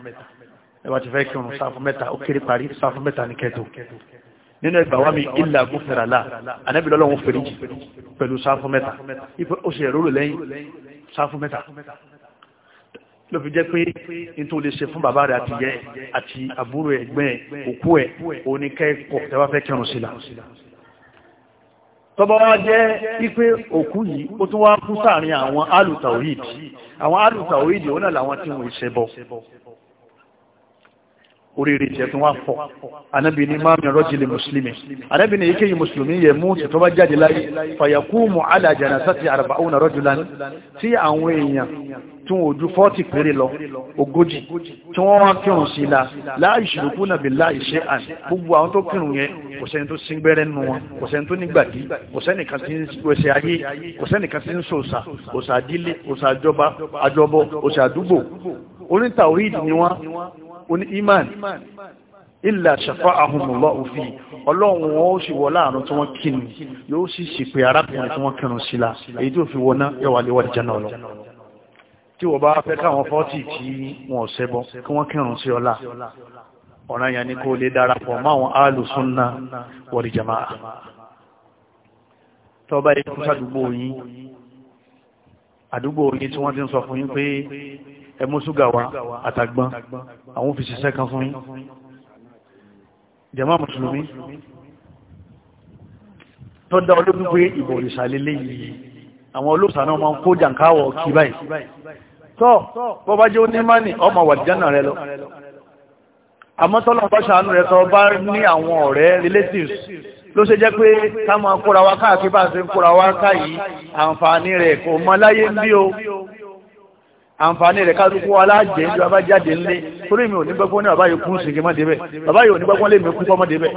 ẹwà ti fẹ́ kírun sáfún mẹ́ta ó kéré parí sáfún mẹ́ta ní kẹtù nínú ẹgbà wá mi ilà gúnfẹ̀ràlá anábìlọ́lọ́wọ́n fèrèjì pẹ̀lú sáfún mẹ́ta ó sì ẹ̀rọ rò lẹ́yìn sáfún mẹ́ta ló fi jẹ́ pé n tó lè ṣe fún bàbá rẹ̀ àti yẹ àti àbúrò ẹ̀gbẹ́ òkú ẹ̀ oníkẹ́kọ̀ọ́ tẹ́wà fẹ́ kírun sí la tọba wa jẹ́ wípé òkú yìí ó tún wá kú sáàrin àwọn alùtàwíìdì àwọn alùtàwíìdì ó náà làwọn tí wọ́n ìṣẹ́bọ oríire tiẹ̀ tó wá fọ̀ anábì ní máa mìíràn rọ́jìlì mùsùlùmí anábì ní èkéyìí mùsùlùmí yẹ mú tí tó bá jáde láyé fàyàkúmù alájànà sáti arba'una rajulan tí àwọn èèyàn tí wọ́n ojú 40 péré lọ ogójì tí wọ́n wá kírun sí la láì ṣùrùkú nàbí láì ṣe àn gbogbo àwọn tó kírun yẹn kò sẹ́ni tó sí gbẹ́rẹ́ nù wọn kò sẹ́ni tó nígbàdí kò sẹ́ni kan tí ń wẹsẹ̀ ayé kò sẹ́ni kan tí ń sòsà òsà àdílé òsà àjọba àjọbọ òsà àdúgbò oríta orídìí ni wọ́n oní iman ilà ṣàfà ahùnmùlọ́ òfin ọlọ́run wọn ó sì wọ láàrin tí wọ́n kíni yóò sì ṣìpè arábìnrin tí wọ́n kírun síla èyí tó fi wọná yọ̀wà lè wà jẹ́nà ọlọ́ tí wọ́n bá fẹ́ káwọn fọ́tì tí wọ́n ṣẹbọ kí wọ́n kírun sí ọlá ọ̀ràn yẹn ni kó lè darapọ̀ máwọn alùsúnnà wọ̀lì jama'a tọ́ba ikú sádùgbò yín àdúgbò yín tí wọ́n ti ń sọ fún yín pé ẹ mú ṣúgà wá àtàgbọ́n àwọn fi ṣiṣẹ́ kan fún yín jàmá mùsùlùmí tó dá olóògùn pé ìbò ìsàlélé yìí àwọn olóòsàn náà máa ń kó jàǹkáwọ̀ kí báyìí tọ́ bọ́bá jẹ́ onímánì ọmọ wàjánà rẹ lọ àmọ́ tọ́lọ̀ bá ṣàánú rẹ̀ tọ́ bá ní àwọn ọ̀rẹ́ relatives ló ṣe jẹ́ pé ká máa kóra wá káàkiri bá ṣe ń kóra wá àǹfààní rẹ̀ kò mọ láyé bí o àǹfààní rẹ̀ kálukú aláàjẹ́ ìjọ abájáde ńlé torí mi ò ní gbọ́gbọ́n ní bàbá yìí kún sí kẹmọ́ débẹ̀ bàbá yìí ò ní gbọ́gbọ́n lè mi kún fọ́mọ́ débẹ̀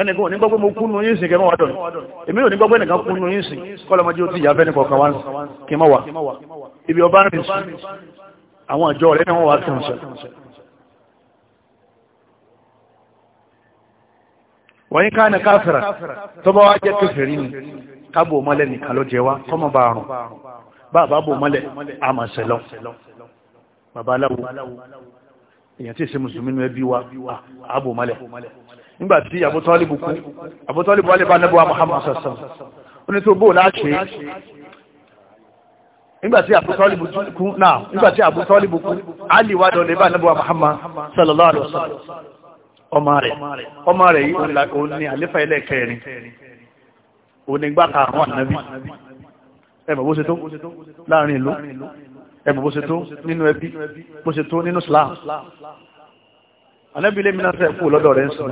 ẹnìkan ò ní gbọ́gbọ́n mo kún yín sí kẹmọ́ wà dọ̀nù èmi ò ní gbọ́gbọ́n nìkan kún yín sí kọ́lọmọdé ó ti yà fẹ́ni kọ̀ọ̀kan ni wọ́n wà tàn sẹ́ bàbá bò mọ́lẹ̀ babalawo bàbá aláwo èyàn tí ìṣe mùsùlùmí nínú ẹbí wa àbò mọ́lẹ̀ nígbàtí àbótọ́líbù kú àbótọ́líbù wálé sassan ó na tó bóò láṣẹ nígbàtí àbótọ́líbù kú náà nígbàtí àbótọ́líbù kú alìwádọ̀ lè Muhammad sallallahu alaihi wasallam ẹ̀mọ̀ bó ṣe tó láàrin ìlú ẹ̀mọ̀ bó ṣe tó nínú ẹbí bó ṣe tó nínú Islam anábìlẹ̀ mi náà fẹ́ kú lọ́dọ̀ rẹ̀ ń sọ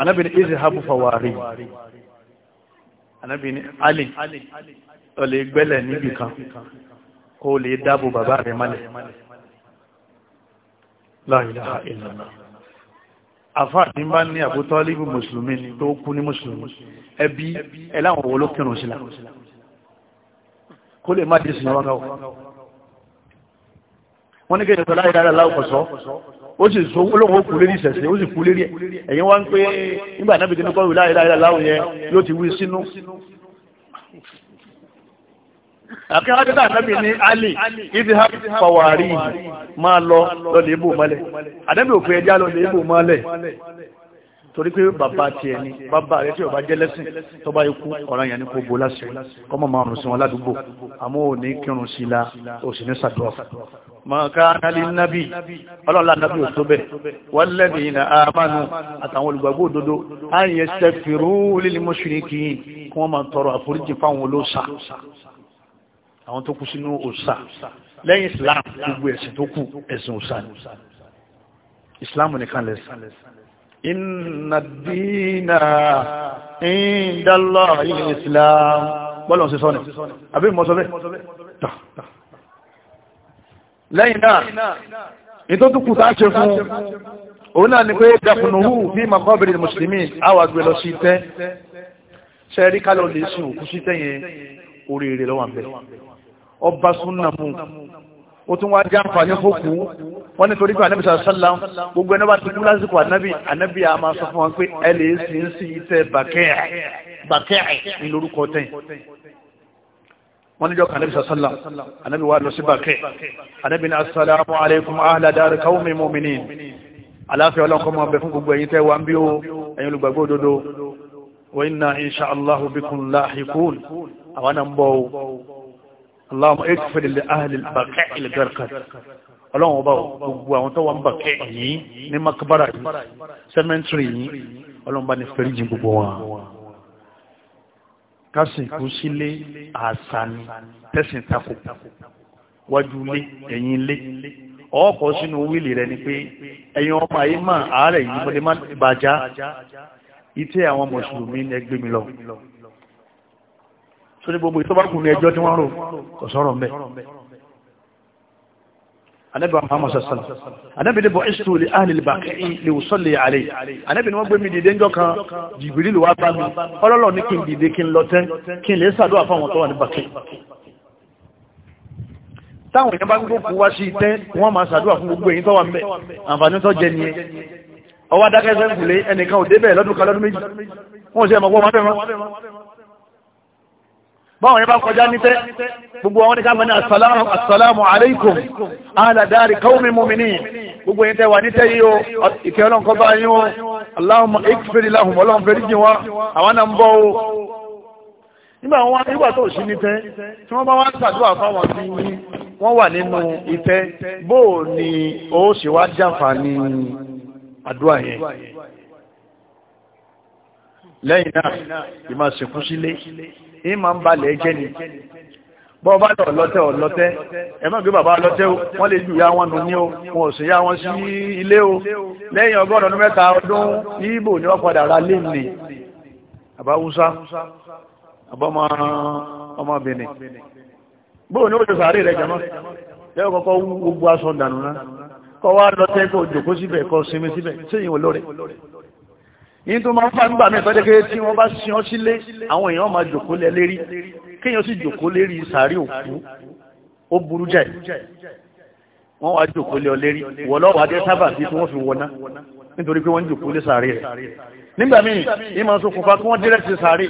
anábìlẹ̀ ìzì habu fawari anábìlẹ̀ alì lọ lè gbẹ́lẹ̀ níbì kan kó lè dáàbò bàbá rẹ̀ mọ́lẹ̀ la ilaha illallah ní bá ní mùsùlùmí tó kú ní mùsùlùmí ẹbí ẹláwọn olókèrùn sílá kó lè má dé sí àwọn ọmọ wọ́n ní kéde tọ́lá ìdára láwùkọ̀sọ́ ó sì sọ olóhùn ó kú lérí ìṣẹ̀ṣẹ̀ ó sì kú lérí ẹ̀ ẹ̀yìn wá ń pé nígbà náà bìtínú kọ́ ìlà ìlà láwùn yẹn yóò ti wí sínú àkíwájú náà nábì ní alì ìdíhá pàwàrí máa lọ lọ lè bò mọ́lẹ̀ àdẹ́bì òfin ẹjá lọ lè bò mọ́lẹ̀ torí pé bàbá tiẹ̀ ni bàbá rẹ̀ tí ó bá jẹ́ lẹ́sìn tó bá ikú ọ̀ràn yẹn ni kò bó láṣẹ kọ́mọ máa rùn sí wọn ládùúgbò àmọ́ ò ní kírun sí la ò sì ní sàdúrà mọ̀ká nálí nábì ọlọ́lá nábì ò tó bẹ̀ wọ́n lẹ́bi iná àmánu àtàwọn olùgbàgbọ́ òdodo àyẹ̀ sẹ́fìrú lílí mọ́ṣúríkì kí wọ́n máa tọrọ àforíjì fáwọn olóòṣà àwọn tó kú sínú òòṣà lẹ́yìn Islam gbogbo ẹ̀sìn tó kù ẹ̀sìn òòṣà Islam nìkan lẹ́sìn inna dina inda Allah ilẹ̀ islam bọ́lọ̀ sí sọ́nà àbí mọ́sọ́bẹ́ lẹ́yìn náà ìtọ́tù kù tá ṣe fún òun náà ni pé dàkùnúhù bí makọ́bìnrin musulmi àwà gbé lọ sí tẹ́ ṣẹ́rí kálọ̀ lè sùn òkú sí tẹ́yẹn oríire lọ́wọ́ ó tún wá jẹ́ àǹfààní fókù wọ́n ní torí pé ànábì sàlám gbogbo ẹni bá ti kú lásìkò ànábì ànábì a máa sọ fún wọn pé ẹ lè sì ń sí iṣẹ́ bàkẹ́ẹ̀ ní lórúkọ tẹ́yìn wọ́n níjọ́ kan ànábì sàlám ànábì wá lọ sí bàkẹ́ ànábì ní asàlámù alaykum ahla dar qawmi mu'minin aláfẹ́ ọlọ́kọ́ máa bẹ fún gbogbo Allahumma ighfir li ahli al-baqi' al-gharqad ọlọ́run ọba gbogbo àwọn tó wà ń bàkẹ́ yìí ní makabara yìí cemetery yìí ọlọ́run bá ní fẹ́ríjì gbogbo wọn kásìn kú sílé àṣà ni tẹ̀sìn tako wájú lé ẹ̀yìn lé ọkọ̀ sínú wíìlì rẹ ni pé ẹ̀yin ọmọ ayé mà àárẹ̀ yìí mo lè má bàjá ìtẹ́ àwọn mùsùlùmí ẹgbẹ́ mi lọ sórí gbogbo ìtọ́bákùnrin ẹjọ́ tí wọ́n rò kò sọ̀rọ̀ mẹ́ anabi wa muhammad sallallahu alaihi wasallam anabi ni bu'istu li ahli al-baqi'i li usalli alayhi anabi ni wọ́n gbé mi dìde ńjọ́ kan jibril wá bá mi ololo ní kin dìde kin lọ ten kin lè ṣàdúà fa wọn tó wà ní baqi táwọn yan bá gbọ́ ku wá sí ten wọ́n báwọn yẹn bá kọjá nífẹ̀ gbogbo àwọn ní ká mọ̀ ní asalaamu asalaamu aleykum ala dari kawmi mumini gbogbo yẹn tẹ wà nífẹ̀ yìí o ìkẹ́ ọlọ́run kọ́ bá yín o allahumma ikfiri lahum ọlọ́run fẹ́rí jìn wa àwọn náà ń bọ̀ o. nígbà wọn nígbà tó sí nífẹ̀ tí wọ́n bá wá ṣàdúrà fáwọn sí wọ́n wà nínú ìfẹ́ bó o ní o ṣe wá jàǹfààní àdúrà yẹn lẹ́yìn náà ìmọ̀ ní ma ń balẹ̀ jẹ́ ni bọ́ bá lọ lọ́tẹ́ ọ̀lọ́tẹ́ ẹ̀mọ́ gbé bàbá lọ́tẹ́ o wọ́n lè jù ya wọn nù ní o wọn ò sì yá wọn sí ilé o lẹ́yìn ọgọ́rùn ọdún mẹ́ta ọdún Ìgbò ni wọ́n padà ra lé nì àbá Hausa àbá ọmọbìnrin bóò ni ó yìí tó máa ń fa nígbà mẹ́ta jẹ́ tí wọ́n bá sin ọ́ sílé àwọn èèyàn máa jòkó lẹ lérí kéèyàn sì jòkó lérí sàárì òkú ó burú jẹ́ wọ́n wá jòkó lé ọ lérí wọ́lọ́wọ́ adé sábà bí tí wọ́n fi wọná nítorí pé wọ́n jòkó lé sàárì rẹ̀ nígbà míì yìí máa ṣokùnfà kí wọ́n dírẹ́tì sàárì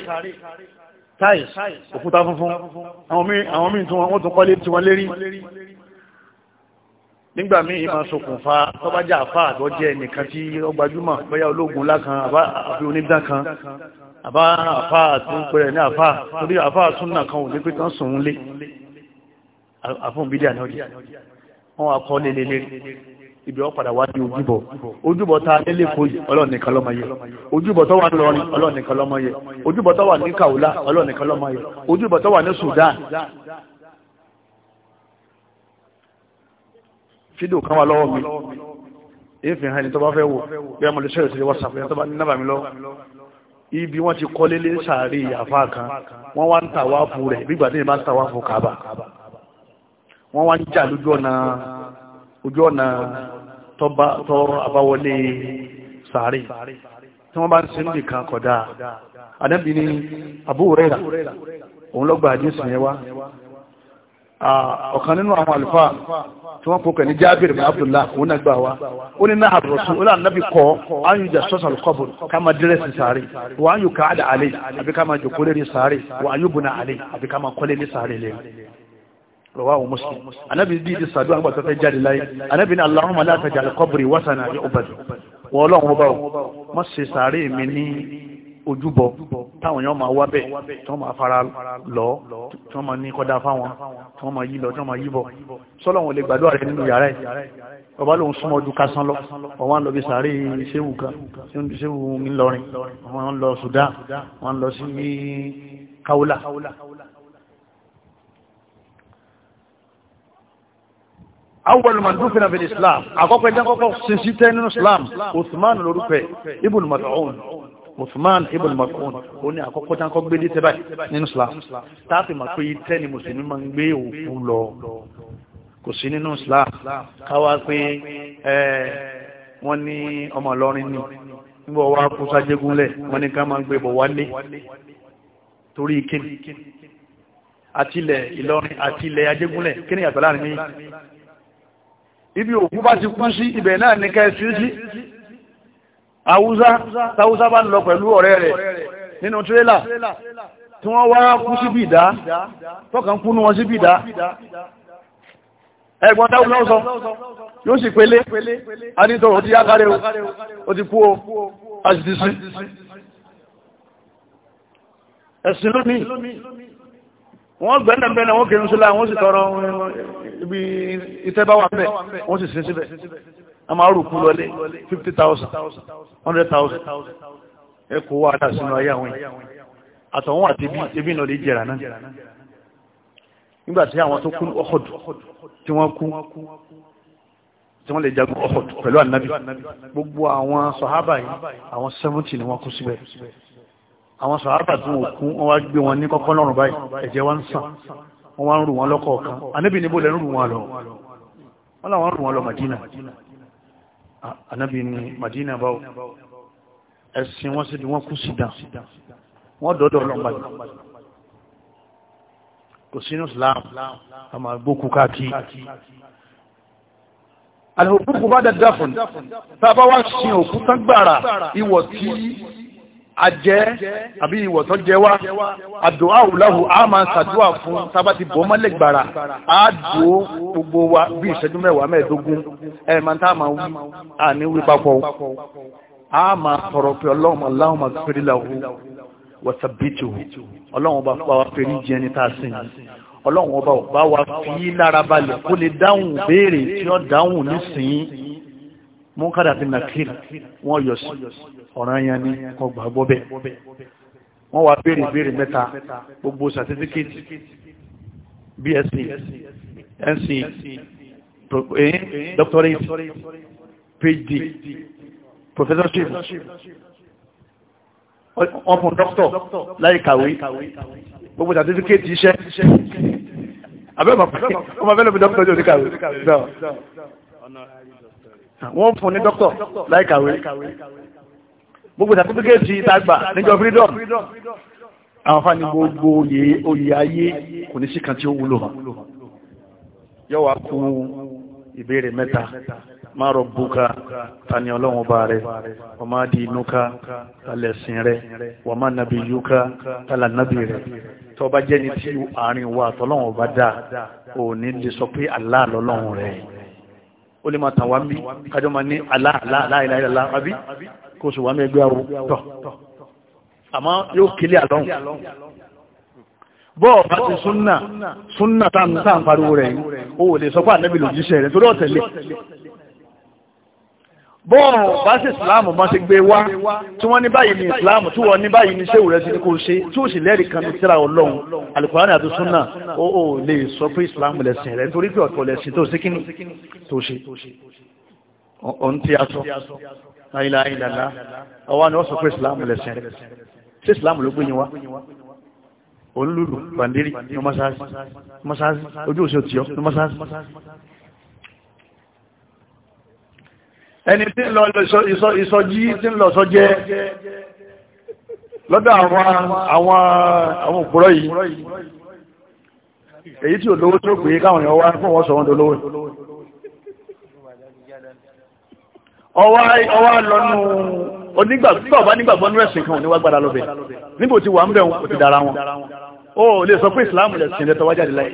táìs òkúta funfun àwọn míì tí wọ́n tún kọ́lé tí wọ́n lérí nígbà míì máa ṣokùnfà tó bá jẹ́ àfáà tó jẹ́ nìkan tí ó gbajúmọ̀ bóyá ológun lákan àbí onídá kan àbá àfáà tó ń pẹ̀rẹ̀ ní àfáà torí àfáà súnnà kan ò ní pé tán sùn lé àfún bídí ànájì wọ́n wá kọ́ lélelé ibi ó padà wá di ojúbọ ojúbọ ta lélé kòyí ọlọ́nìkan lọ́mọye ojúbọ tó wà ní lọrin fídíò kan wà lọ́wọ́ mi èéfì hàn ní tó bá fẹ́ wò bí a mọ̀ lè sọ̀rọ̀ sí wọ́sàpù yẹn tó bá ní nábà mi lọ́wọ́ ibi wọ́n ti kọ́ lélé sàárè àfa kan wọ́n wá ń ta wáàfù rẹ̀ bígbà tí ìbá ń ta wáàfù kàbà wọ́n wá ń jà lójú ọ̀nà ojú ọ̀nà tọ́rọ àbáwọlé sàárè tí wọ́n bá ń sin nìkan kódà anábìíní Abu Huraira òun lọ́gbà àdínsìn yẹn wá ọ̀kan nínú àwọn àlùfáà tí wọ́n kókẹ̀ ní jábìrì bá abdullah òun náà gbà wá ó ní náà àrùsùn ó láàrín nábì kọ́ áyùn jà sọ́sàlù kọ́bùn ká máa dírẹ́sì sáré wà áyùn káàdà àlè àbí ká máa jòkó lérí sáré wà áyùn bùnà àlè àbí ká máa kọ́lé ní sáré lé rọwáwọ̀ muslim anábì bí ìdí sàdúrà gbà tó fẹ́ jáde láyé anábì ní allahumma la taj'al qabri wasana yu'bad wọ́n ọlọ́run ọba ò mọ́ sí sáré mi ní ojúbọ táwọn èèyàn máa wá bẹ̀ tí wọ́n máa fara lọ tí wọ́n máa ní kọ́dá fáwọn tí wọ́n máa yí lọ tí wọ́n máa yí bọ̀ sọ́lọ̀ wọn lè gbàdúrà rẹ nínú yàrá ẹ̀ bàbá lòun súnmọ́ ojú kásán lọ ọ̀wọ́n lọ bí sàárè ìṣéwù kan ìṣéwù ńlọrin wọ́n lọ Sudan wọ́n lọ sí Kaula awwal man dufina fil islam àkọ́kọ́ ẹjẹ́ kọ́kọ́ sin sí tẹ́ nínú islam usman lórúkẹ ibn Mas'ud Uthman ibn Makun ó ní àkọ́kọ́ tán kọ́ gbé dé tẹ́bà nínú Islam táàfì mà pé tẹ́ ni mùsùlùmí máa ń gbé òkú lọ kò sí nínú Islam káwá pé wọ́n ní ọmọ Ìlọrin ni nígbà wá kú sájégúnlẹ̀ wọ́n ní ká máa ń gbé bọ̀ wálé torí kíni àtilẹ̀ Ìlọrin àtilẹ̀ ajégúnlẹ̀ kíni yàtọ̀ láàrin yìí ibi òkú bá ti kú sí ibẹ̀ náà ní ká ẹ àwúsá tàwúsá bá ń lọ pẹ̀lú ọ̀rẹ́ rẹ̀ nínú tírélà tí wọ́n wá kú sí bìdá tọ́kàn kú ní wọn sí bìdá ẹgbọ́n táwùsá ọ̀sọ́ yóò sì pélé adítọ̀rọ̀ ti yákàrẹ́ o ti kú o a sì ti sí ẹ̀sìn lónìí wọ́n gbẹ́nàgbẹ́nà wọ́n kẹrin sílá wọ́n sì tọrọ ibi ìtẹ́báwà bẹ́ẹ̀ wọ́n sì sí síbẹ̀ wọ́n máa rù lọlé fifty thousand hundred thousand ẹ kó wá dà sínú ayé àwọn yìí àtọ̀wọ́n àti ebi náà lè jẹ̀rà náà nígbà tí àwọn tó kú Uhud tí wọ́n kú tí wọ́n lè jagun Uhud pẹ̀lú ànábì gbogbo àwọn sọ̀hábà yìí àwọn seventy ni wọ́n kú síbẹ̀ àwọn sọ̀hábà tí wọ́n kú wọ́n wá gbé wọn ní kọ́kọ́ lọ́rùn báyìí ẹ̀jẹ̀ wá sàn wọ́n wá ń rù wọn lọ́kọ̀ọ̀kan ànábì níbo lẹ́nu wọn lọ wọ́n làwọn rù wọn lọ Madina anabi ni madina báwo ẹ̀sìn wọn sí ni wọ́n kú sídà wọ́n dọ́dọ̀ ọlọ́mọba yìí kò sínú islam a máa gbókù káàkiri alhùkúkú bá dáadáa fún ní tàbá wá sí òkú tán gbàrà ìwọ̀ tí ajẹ́ àbí ìwọ̀sán jẹ wá àdùá òláhù a máa sàdúà fún sábà ti bọ́ mọ́lẹ̀ gbàrà àádùó gbogbo wa bí ìṣẹ́jú mẹ́wàá mẹ́ẹ̀dógún ẹ̀mà tá a máa wí à ní wí papọ̀ a máa sọ̀rọ̀ pé ọlọ́run aláhùn máa fẹ́rí làwù wọ́sàbìtì ọlọ́run bá pa wá fẹ́rí múkàdà ti nàkìr wọ́n yọ sí ọ̀ràn yẹn ní ọgbà gbọ́bẹ̀ wọ́n wá béèrè béèrè mẹ́ta gbogbo sàtífíkẹ́tì bsc nc eh, doctorate phd professorship wọ́n doctor láì kàwé gbogbo certificate iṣẹ́ abẹ́ ọmọ fẹ́lẹ̀ bí doctor jọ sí kàwé wọ́n fún ní dókítọ̀ láìkàwé gbogbo sàtífíkẹ́ẹ̀tì ìtagbà níjọ freedom àwọn fáni gbogbo oyè ayé kò ní sí kan tí ó wúlò hàn yóò wá kún ìbéèrè mẹ́ta máa rọ búka tani ọlọ́run bá rẹ̀ wọ́n máa di inúka tàlẹ̀sìn rẹ̀ wọ́n máa nàbí yúka tàlànàbí rẹ̀ tó bá jẹ́ ní tí àárín wa tọ́lọ́run bá dáa ò ní lè sọ pé aláàlọ́lọ́run rẹ̀ ó lè máa tàn wá mí kájọ́ máa ní aláàláàláàlá àbí kó sì wá mí ẹgbẹ́ arú tọ̀ àmọ́ yóò kílé àlọ́hùn bọ́ọ̀ bá ti súnnà súnnà táà ń pariwo rẹ̀ ó lè sọ pé ànábì rẹ̀ torí ọ̀tẹ̀lẹ̀ bọ́ọ̀ bá sí ìsìláàmù mọ́ sí gbé wá tí wọ́n ní báyìí ní ìsìláàmù tí wọ́n ní báyìí ní séwù rẹ̀ sí ní kò ṣe tí ó sì lẹ́rìí kan ní tíra ọlọ́run alìkùránì àti súnà ó ò lè sọ pé ìsìláàmù lẹ̀sìn rẹ̀ nítorí pé ọ̀tọ̀ lẹ̀sìn tó a sọ láìláìlàlá ọwá ni wọ́n sọ pé ìsìláàmù lẹ̀sìn rẹ̀ sí ìsìláàmù ló gbé yín wá olúlù bàndírì ní mọ́sáàsì ojú òṣèlú tìọ́ ní mọ́sáàsì ẹni tí ń lọ ìsọjí tí ń lọ sọjẹ́ lọ́dọ̀ àwọn òpùrọ̀ yìí èyí tí ò lówó tó pè é káwọn èèyàn wá fún wọ́n sọ wọ́n dolówó ọwá lọ́nú onígbàgbọ́ bá nígbàgbọ́ nírẹ̀sìn kan ò níwá gbára lọ́bẹ̀ níbo ti wà ń bẹ̀ wọn kò ti dára wọn ó lè sọ pé ìsìláàmù lè sin lẹ́tọ́ wájáde láì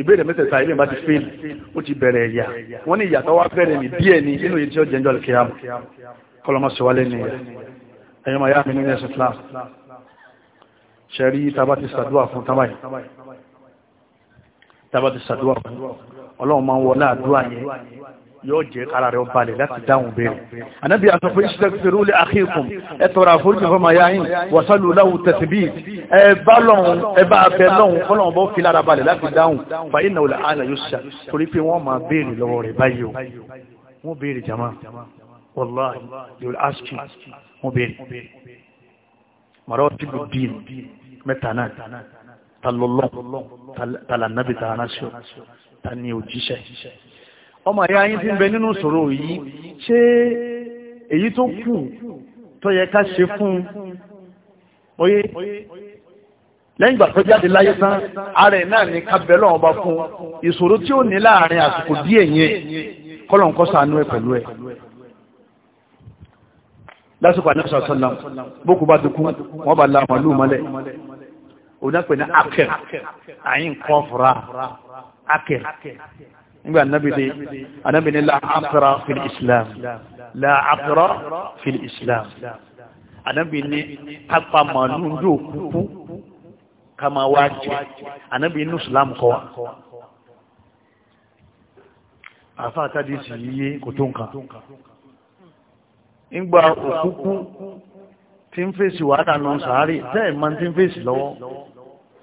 ìbéèrè mẹ́tẹ̀ẹ̀ta ilé bá ti fèèlì ó ti bẹ̀rẹ̀ ẹ̀yà wọ́n ní ìyàtọ̀ wá bẹ̀rẹ̀ ní díẹ̀ ní inú ìdí ọjọ́ ìjọ alìkíyàmù kọlọmọ sọwálẹ̀ ní ẹ̀yọ́ máa yá mi nínú ẹ̀sìn Islam ṣẹ̀rí tàbá ti sàdúà fún tábàyì tàbá ti sàdúà fún ọlọ́run máa ń wọlé àdúà yẹn yóò jẹ́ kára rẹ̀ balẹ̀ láti dáhùn béèrè. Ànábì a sọ fún istaghfiru li akhikum, ẹ tọrọ àforíjì fún màá yáyìn, wasalu lahu tasbih, ẹ bá lọ́hùn, ẹ bá bẹ lọ́hùn, fọ́lọ́hùn bọ́ fi lára balẹ̀ láti dáhùn, fa innahu al-ana yus'al, torí pé wọ́n máa béèrè lọ́wọ́ rẹ̀ báyìí o. ta ni òjíṣẹ́ ọmọ ìyá yín ti ń bẹ nínú ìṣòro yìí ṣé èyí tó kù tó yẹ ká ṣe fún oyé lẹ́yìn ìgbà tó jáde láyé tán ààrẹ náà ní kábẹ́ lọ́wọ́ bá fún ìṣòro tí ó ní láàrin àsìkò díẹ̀ yẹn kọ́lọ̀ǹkọ́ sànú ẹ̀ pẹ̀lú ẹ̀ lásìkò àníṣà sọ́lá bókù bá dùkú wọ́n bá láwọn ìlú mọ́lẹ̀ onípẹ̀ ní akẹ́ àyínkọ́ fura akẹ́ nígbà nábìdé anábìdé láàkírá fil islam láàkírá fil islam anábìdé kápá màálù ń dò kúkú ká máa wá jẹ anábìdé inú islam kọ́ wa àfa àtàdé sì yíyé kò tó nǹkan nígbà òkúkú tí ń fèsì wàhálà náà sàárè tẹ́ ẹ̀ máa ti ń fèsì lọ́wọ́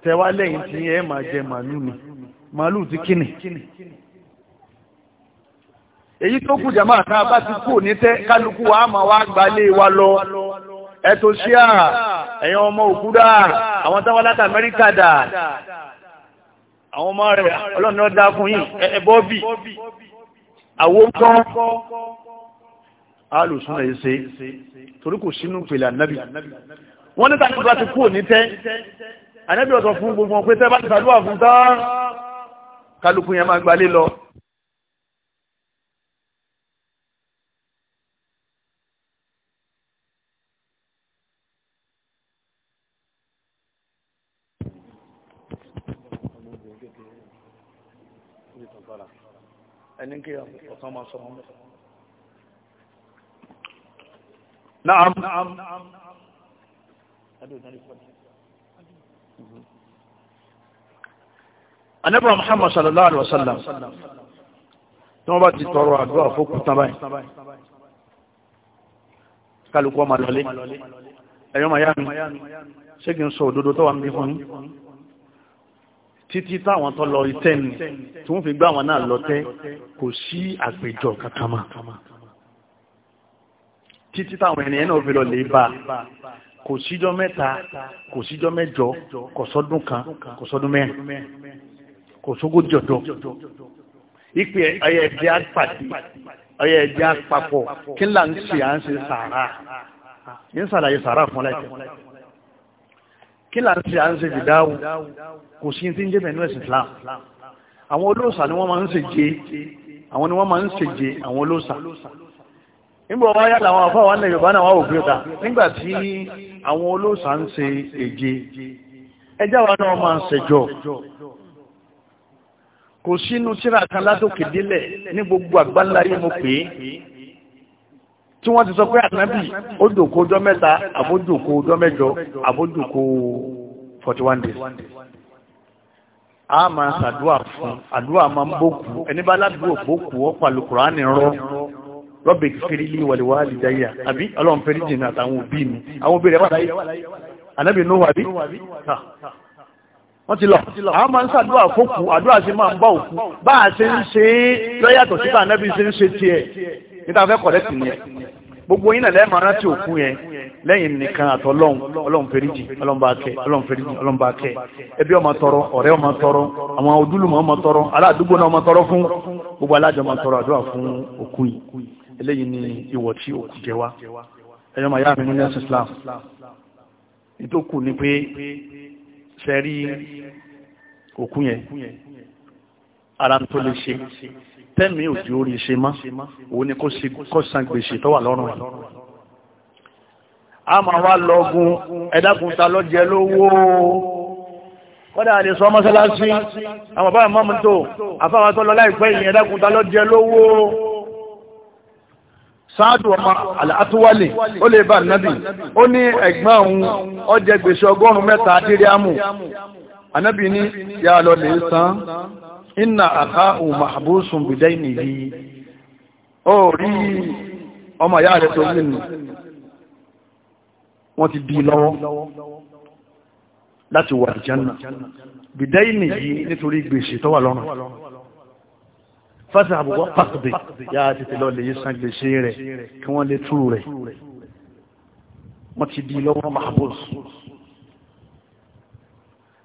tẹ́wá lẹ́yìn tí ẹ máa ni màálù ti kíni èyí tó kù jàmá àtà bá ti kú ní tẹ́ kálukú wa máa wá gbalé wa lọ ẹ̀tọ́ ṣíà ẹ̀yàn ọmọ òkúdà àwọn táwọn láti amẹ́ríkà dà àwọn ọmọ rẹ̀ ọlọ́run ọ̀dà fún yìí ẹ̀bọ́ bì àwo kọ́ alùsùn rẹ̀ ṣe torí kò sínú pèlè ànábì wọ́n ní bá ti kú ní tẹ́ ànábì ọ̀sọ̀ fún gbogbo pé tẹ́ bá ti sàdúrà fún tán kálukú yẹn máa gbalé lọ kí ọ̀kan máa sọ wọn mẹ́. Naam. Ànábì Muhammad sallallahu alaihi wasallam tí wọ́n bá ti tọrọ àdúrà fókútán báyìí. Kálukú ọmọ lọlé. Ẹ̀yọ́ Miami, ṣé kí n sọ òdodo tó wà ń bí fún yín? títí táwọn tó lọ rí tẹ́ni tí wọ́n fi gbá àwọn náà lọ́tẹ́ kò sí àgbèjọ kankan mọ́ títí táwọn ènìyàn náà fi lọ lè bá kò síjọ́ mẹ́ta kò síjọ́ mẹ́jọ kò sọ́dún kan kò sọ́dún mẹ́rin kò sógójì ọ̀dọ́ ìpè ẹyẹ ẹ̀jẹ̀ àpàdé ẹyẹ ẹ̀jẹ̀ àpapọ̀ kí là ń ṣe à ń ṣe sàárà ń ṣàlàyé sàárà fún láìpẹ́ kí là ń ṣe à ń ṣe fìdáwù kò sí ti ń jẹ́ mẹ́nu ẹ̀sìn Islam àwọn olóòṣà ni wọ́n máa ń ṣe jẹ àwọn ni wọ́n máa ń ṣe jẹ àwọn olóòṣà nígbà wáyà làwọn àfáà wà nílẹ̀ Yorùbá náà wà òfin ọ̀tà nígbà tí àwọn olóòṣà ń ṣe èje ẹjá wa náà máa ń ṣẹjọ kò sínú tíra kan látòkè délẹ̀ ní gbogbo àgbáńláyé mo pè é tí wọ́n ti sọ pé ànábì ó dòkó ọjọ́ mẹ́ta àbójòkó ọjọ́ mẹ́jọ àbójòkó 41 days a máa ṣàdúà fún àdúà máa ń bókù ẹni bá ládùúgbò bókù ó pàlù kùránì rọ rọ́bì kiri lè wàlíwá àlìjáyà àbí ọlọ́run fẹ́rí jìnnà àtàwọn òbí mi àwọn òbí rẹ̀ wà láyé ànábì ní wàbí wọ́n ti lọ a máa ń ṣàdúà fókù àdúà sí máa ń bá òkú bá a ṣe ń ṣe lọ́yàtọ̀ síta níta fẹ́ kọ̀lẹ́tì ni ẹ gbogbo yín nàlẹ́ máa rántí òkú yẹn lẹ́yìn nìkan àtọ́ ọlọ́run ọlọ́run fèrèjì ọlọ́run bá kẹ ọlọ́run fèrèjì ọlọ́run bá kẹ ẹbí ọmọ tọrọ ọ̀rẹ́ ọmọ tọrọ àwọn ojúlùmọ̀ ọmọ tọrọ aládùúgbò náà ọmọ tọrọ fún gbogbo alájọ ọmọ tọrọ àdúrà fún òkú yìí eléyìí ni ìwọ̀ tí òkú jẹ wá ẹ̀yọ́ màá yá mi nílẹ̀ Islam ìtókù ni pé sẹ́rí òkú yẹn ara tó lè ṣe tẹ́mi ò tí orí ṣe má òun ni kó san gbèsè tó wà lọ́rùn ẹ̀ a máa wá lọ́gùn ẹ̀dákun ta lọ́jẹ lówó kọ́dà àdè sọ mọ́sálásí àwọn bàbá mọ́mú tó àfáwà tó lọ láìpẹ́ yìí ẹ̀dákun ta lọ́jẹ lówó sáàdù ọmọ àtúwálè ó lè bá nábì ó ní ẹ̀gbọ́n òun ó jẹ ọgọ́rùn-ún mẹ́ta díríàmù ànábì ní yà lọ lè san inna àkáhù mahbusun bìdẹ́ nìyí ó rí ọmọ ìyá rẹ̀ tó nínú wọ́n ti bí lọ́wọ́ láti wà ìjánà bìdẹ́ nìyí nítorí gbèsè tó wà lọ́rùn fásitì àbúkọ́ pàtàkì yá títí lọ lè yí san gbèsè rẹ̀ kí wọ́n lè tú rẹ̀ wọ́n ti bí lọ́wọ́ mahbus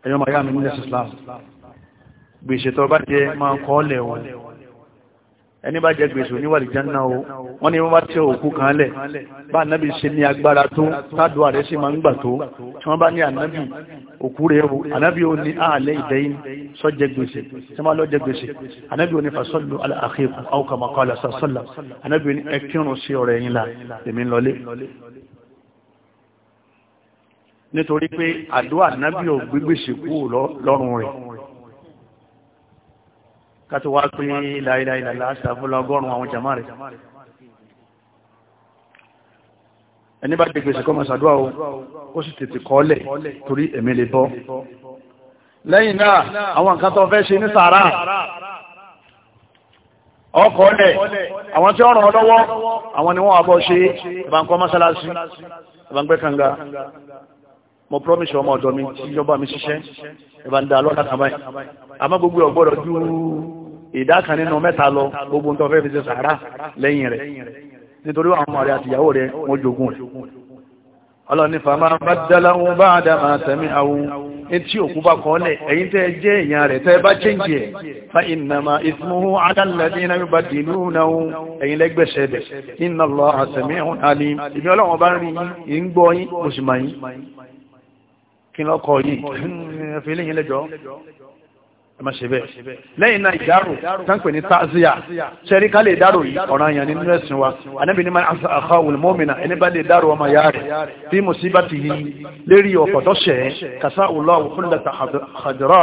ẹ̀yọ́ miami nílẹ̀ islam gbèsè tó bá jẹ máa kọ́ lẹ̀ wọn ẹni bá jẹ gbèsè oníwàlì jẹ́nà o wọ́n ní wọ́n bá tẹ òkú kan lẹ̀ bá ànábì ṣe ní agbára tó tádù ààrẹ sí máa ń gbà tó tí wọ́n bá ní ànábì òkú rẹ̀ o ànábì ò ní ààlẹ́ ìdẹ́yìn sọ́jẹ gbèsè tí wọ́n lọ́jẹ gbèsè ànábì ò ní fasọ́lù àkẹ́kù nítorí pé àdó ànábì ò gbígbèsè kú lọ́rùn rẹ̀ kátó wá pé láìláìlá ṣàfúnlá ọgọ́rùn-ún àwọn jàmá rẹ̀ ẹni bá gbèsè kọ́ mọ̀sàdúwà o ó sì tètè kọ́ọ́lẹ̀ torí ẹ̀mí lè bọ́ lẹ́yìn náà àwọn nǹkan tó fẹ́ ṣe ní sàárà ọkọ̀ọ́lẹ̀ àwọn tí ó ràn àwọn ni wọ́n wà bọ́ ṣe ìbànkọ́ mọ́sálásí ìbàngbẹ́ kanga mo promise ọmọ ọ̀dọ́ mi tí yọba mi ṣiṣẹ́ ìbàndà lọ́dà kàbáyì àmọ́ gbogbo ọgbọ́dọ̀ ju ìdá kan nínú mẹ́ta lọ gbogbo ń tó fẹ́ fi ṣe sàárà lẹ́yìn rẹ̀ nítorí àwọn ọmọ rẹ̀ àtìyàwó rẹ̀ wọ́n jogún rẹ̀ ọlọ́ni fàmà bàdàláwò bá àdàmà sẹ́mi àwọn etí òkú bá kọ́ lẹ̀ ẹ̀yin tẹ́ jẹ́ èèyàn rẹ̀ tẹ́ bá chẹ́ǹjì ẹ̀ fa ìnàmà ìsmuhu adálẹ́dí iná yóò bá dìlú náà ẹ̀yin lẹ́gbẹ̀ṣẹ̀ bẹ̀ iná lọ àsẹ̀mí ẹ̀hún àlè ìbí ọlọ́wọ́n bá rí ń gbọ́ yín oṣù mọ̀ yín kí lọ́kọ̀ yín ẹ̀fẹ́ lẹ́yìn lẹ́jọ́ ẹmọ ṣe bẹ́ẹ̀ lẹ́yìn náà ìdárò tánkpẹ̀ ní tààzíyà ṣẹ́rí ká lè dárò yìí ọ̀ràn yàn nínú ẹ̀sìn wa anábì ní máa ṣe àkọ́ olùmọ́mìnà ẹni bá lè dárò ọmọ ya rẹ̀ bí mo sì bá ti yí lérí ọkọ̀ tó ṣẹ̀ ẹ́ kàṣà òlọ́ òkúndàtà àdúrà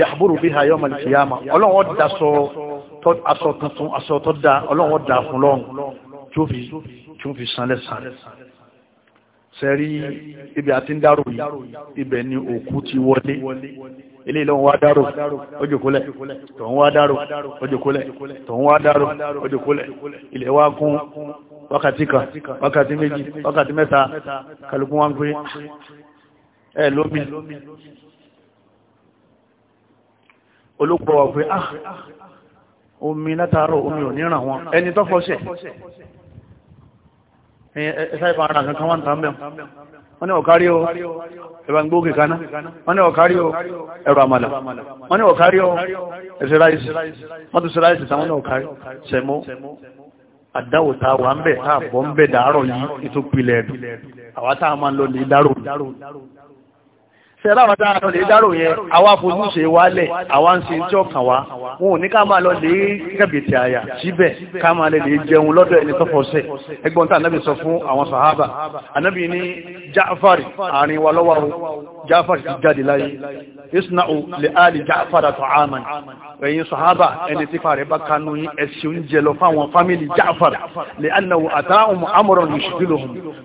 yàgbúrò bí hayọ́ malikiyama ọlọ́wọ́ da aṣọ tuntun aṣọ ibẹ̀ ni òkú ti wọlé ilé ìlọ́hun wá dárò ojòkólẹ̀ tòun wá dárò ojòkólẹ̀ tòun wá kún wákàtí kan wákàtí méjì wákàtí mẹ́ta kálukú wá ń ah, ẹ lómi olóòpọ̀ ah omi látàárọ̀ omi ò ní ràn wọn ẹni ẹ̀ṣá ìfàrà kankan wọ́n tàn bẹ̀rún wọ́n ní ọ̀kárí o ẹ̀bà ń gbóògì kaná wọ́n ní ọ̀kárí o ẹ̀rọ àmàlà wọ́n ní ọ̀kárí o ẹ̀ṣẹ̀ ráìsì wọ́n tún ṣe ráìsì ọ̀kárí sẹ̀mó àdáwò wà ń bẹ̀ tá ń bẹ̀ dàárọ̀ yìí ètò pilẹ̀ ẹ̀dùn máa ń lọ lè dárò tẹ́lá àwọn tá a lọ lè dárò yẹn àwa fojúṣe wálẹ̀ àwa ń ṣe tí ọkàn wa wọn ò ní ká máa lọ lè kẹ̀bìtì àyà síbẹ̀ ká máa lè lè jẹun lọ́dọ̀ ẹni tó ẹgbọ́n tá anábì sọ fún àwọn sàhábà anábì ní jáfàrì àárín wa lọ́wọ́ jáfàrì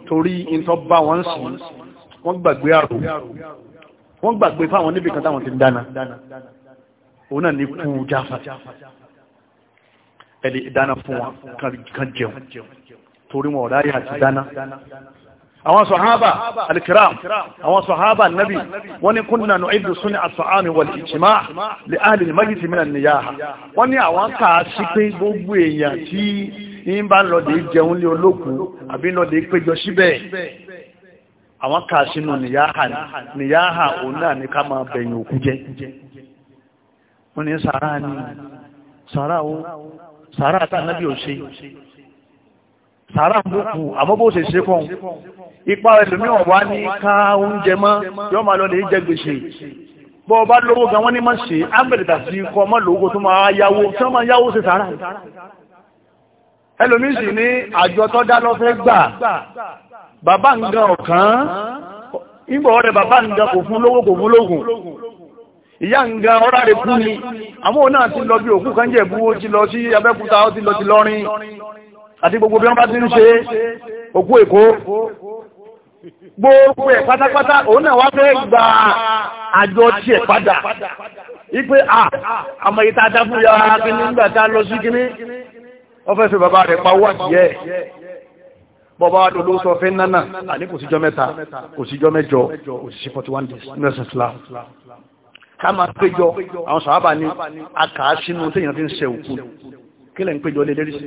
ti wọ́n gbàgbé àrùn wọ́n gbàgbé fáwọn níbi kan táwọn ti dáná òun náà ní kú jáfà ẹ̀lẹ́ ìdáná fún wọn kan jẹun torí wọn ọ̀dáyà àti dáná àwọn sọ̀hábà alkiram àwọn sọ̀hábà nabi wọ́n ní kúnnà nù ìdù súnni àtọ̀ámi wal ìjìmá lè áàlì ní májìtì mìíràn ní yáha wọ́n ní àwọn kàá sí pé gbogbo èèyàn tí ń bá lọ́dẹ̀ jẹun lé olókùn àbí lọ́dẹ̀ péjọ síbẹ̀ àwọn kà sínú ha nìyáhà ní ká máa bẹ̀yìn òkú jẹ́ wọ́n ni sàárà ní sàárà ó sàárà tàbí ò ṣe sàárà mọ́kù àmọ́bó ṣe ṣe kọ́ ipa ẹlòmíràn ní ká oúnjẹ mọ́ yọ́ lọ lè jẹ bọ́ ọba lówó gan wọ́n mọ́ ṣe bàbá nǹkan ọ̀kan ìgbà ọ̀rẹ́ bàbá nǹkan kò fún lówó kò fún lóògùn ìyá nǹkan ọ̀rá rẹ̀ kú ni àmọ́ náà ti lọ bí òkú kan jẹ́ bú ó ti lọ sí Abẹ́òkúta ó ti lọ ti lọ́rin àti gbogbo bí wọ́n bá ti ń ṣe òkú Èkó gbogbo ẹ̀ pátápátá òun náà wá fẹ́ gba àjọ tiẹ̀ padà wípé à àmọ́ ìta dáfúnyà kíní nígbà tá lọ sí kíní wọ́n fẹ́ fi bàbá rẹ̀ pa owó àtìyẹ́ bọ́bá wa dodo sọ fẹ́ nánà àní kò síjọ́ mẹ́ta kò síjọ́ mẹ́jọ kò sí forty one days nínú ẹ̀sìn Islam ká máa péjọ àwọn sàábà ní akàá sínú téèyàn fi ń ṣe òkú kílẹ̀ ń péjọ lélẹ́rí sí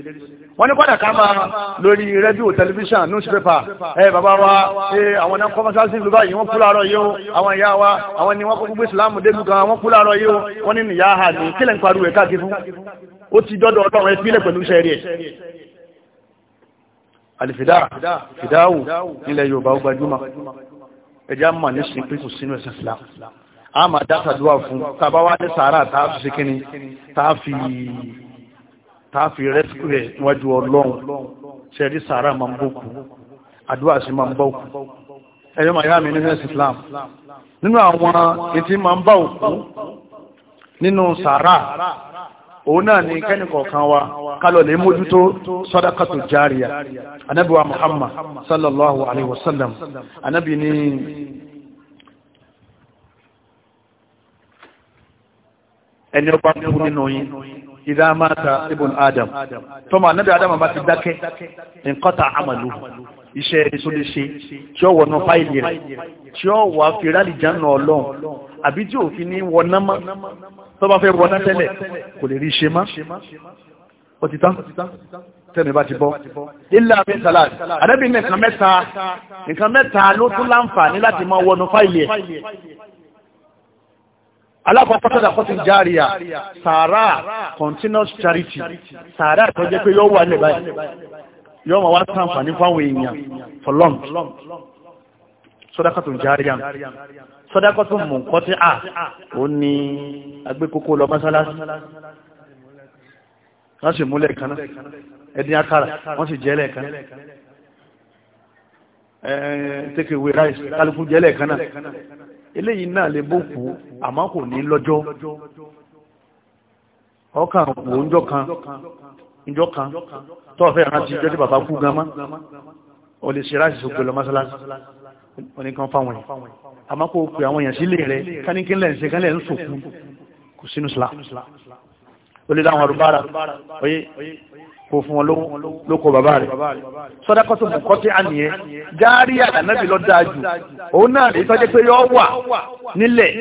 wọ́n ní padà ká máa lórí rẹ́díò tẹlifíṣàn newspaper ẹ bàbá wa àwọn náà kọ́mọ́sáàsì ìlú báyìí wọ́n kú láàárọ̀ yìí o àwọn ìyá wa àwọn ni wọ́n kó gbogbo ìsìláàmù délù kan wọ́n kú láàárọ̀ yìí o wọ́n ní nìyá hà ní kílẹ̀ ń pariwo ẹ̀ káàkiri fún ó ti dọ́dọ̀ ọlọ́run ẹ alìfìdá fìdáwò nílẹ̀ Yorùbá ó gbajúmọ̀ ẹjá mọ̀ ní sin pípù sínú ẹ̀sìn Islam a máa dásàdúwà fún tàbá wá ní sàárà tààfi sí kíní tààfi rẹ́sìkú rẹ̀ níwájú Ọlọ́run ṣẹ̀rí sàárà máa ń bókù àdúwà sí máa ń bókù ẹ̀yọ́ màá yá mi nínú ẹ̀sìn Islam nínú àwọn ètí máa ń bá òkú nínú sàárà òun náà ni kẹ́nìkọ̀ọ̀kan wa kálọ̀ lè mójútó sọ́dákàtò járíà anábì wa muhammad sallallahu alaihi wasallam anábì ni ẹni ọba kú nínú yín idha mata ibn adam tọ́mọ anábì adam bá ti dákẹ́ inqata amalu iṣẹ́ ìsúléṣe tí ó wọ̀nà fáìlì rẹ̀ tí ó wà fìrálì jánà ọlọ́run àbí tí òfin ní wọnámá tó bá fẹ́ wọná tẹ́lẹ̀ kò lè rí ṣe má ó ti tán tẹ́mi bá ti bọ́ ilé àmì salad àdẹ́bí nìkan mẹ́ta nìkan mẹ́ta ló tún láǹfààní láti máa wọnú fáìlì ẹ̀ alákọ̀ọ́kọ́ tọ́jà kọ́tí járíà sàárà continuous charity sàárà tó jẹ́ pé yóò wà níbàyí yóò máa wá sáǹfààní fáwọn èèyàn for long sọ́dákọ̀tún járíyàn sọ́dákọ̀tún mú kọ́ tí à ó ní agbékókó lọ mọ́sálásí wọ́n sì múlẹ̀ kaná ẹ̀dín akára wọ́n sì jẹ́lẹ̀ kaná take away rice kálukú jẹ́lẹ̀ kaná eléyìí náà lè bókù àmọ́ kò ní lọ́jọ́ ọkàn wò ń jọ kan ìjọ kan tọ́ọ̀fẹ́ ìrántí oníkan fáwọn yìí àmọ́ kó o pè àwọn èèyàn sílé rẹ káníkínlẹ̀ ń ṣe kánlẹ̀ ń sòkú kò sínú sílá ó lè láwọn arúbára oyé kó fún wọn ló kó bàbá rẹ sọdákọ́tò bùkọ́ tí a nìyẹn járí ànábì lọ dáa òun náà lè tọ́jú pé yọ wà nílẹ̀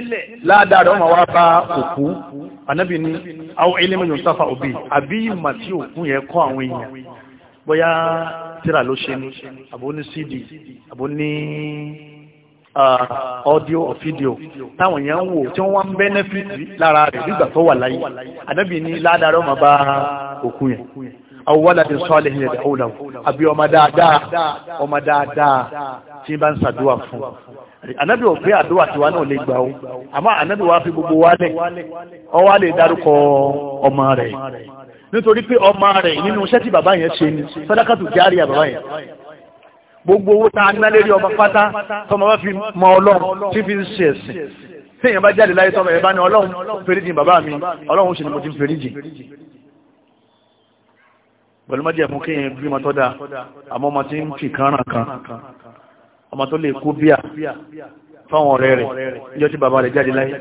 ládàá rẹ̀ ọmọ wa bá òkú ànábì ní àwọn ilé mẹ́jọ sáfà òbí àbí ìmọ̀ òkú yẹn kọ́ àwọn èèyàn bóyá tíra ló ṣe ní àbò ní cd àbò ní audio or video táwọn èèyàn ń wò tí wọ́n wá ń benefit lára rẹ̀ nígbà tó wà láyé ànábì ní ládàárọ̀ máa bá òkú yẹn awọ́ládé sọ́ọ̀lẹ̀ yẹn dẹ̀ ọ̀là àbí ọmọ dáadáa ọmọ dáadáa tí bá ń ṣàdúrà fún ànábì ò pé àdúrà tiwa náà lè gbà ó àmọ́ ànábì wa fi gbogbo wálẹ̀ ọ wá dárúkọ ọmọ rẹ̀ nítorí pé ọmọ rẹ̀ nínú iṣẹ́ tí bàbá yẹn ṣe ni sàdákàtù járíyà bàbá yẹn gbogbo owó tá a ná lérí ọmọ pátá tọmọ bá fi mọ ọlọ́run tí fi ń ṣe ẹ̀sìn tí èèyàn bá jáde láyé tọmọ ẹ̀ bá ọlọ́run fèrèjì bàbá mi ọlọ́run ṣe ni mo ti fèrèjì pẹ̀lú mọ́jẹ̀ fún kéèyàn bímọ tó dáa àmọ́ ọmọ tí ń fi kánràn kan ọmọ tó lè kó bíà fáwọn ọ̀rẹ́ rẹ̀ níjọ́ tí bàbá rẹ̀ jáde láyé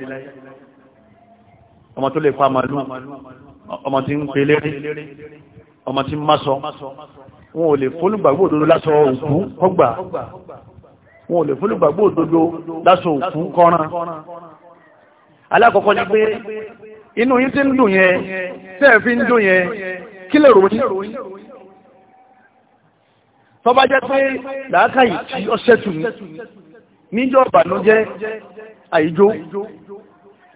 ọmọ tó lè pa màlúù ọmọ tí ń pelé rí ọmọ tí ń másọ wọn ò lè fólùgbàgbò òdodo lásọ òkú kọgbà wọn ò lè fólùgbàgbò òdodo lásọ òkú kọran alákọ̀ọ́kọ́ ni pé inú yín tí ń dùn yẹn tẹ́ẹ̀ fi ń dùn yẹn kí lè ròyìn tọ́bá jẹ́ pé làákàyè tí ọ ṣẹ́tù ní níjọ́ ìbànújẹ́ àìjó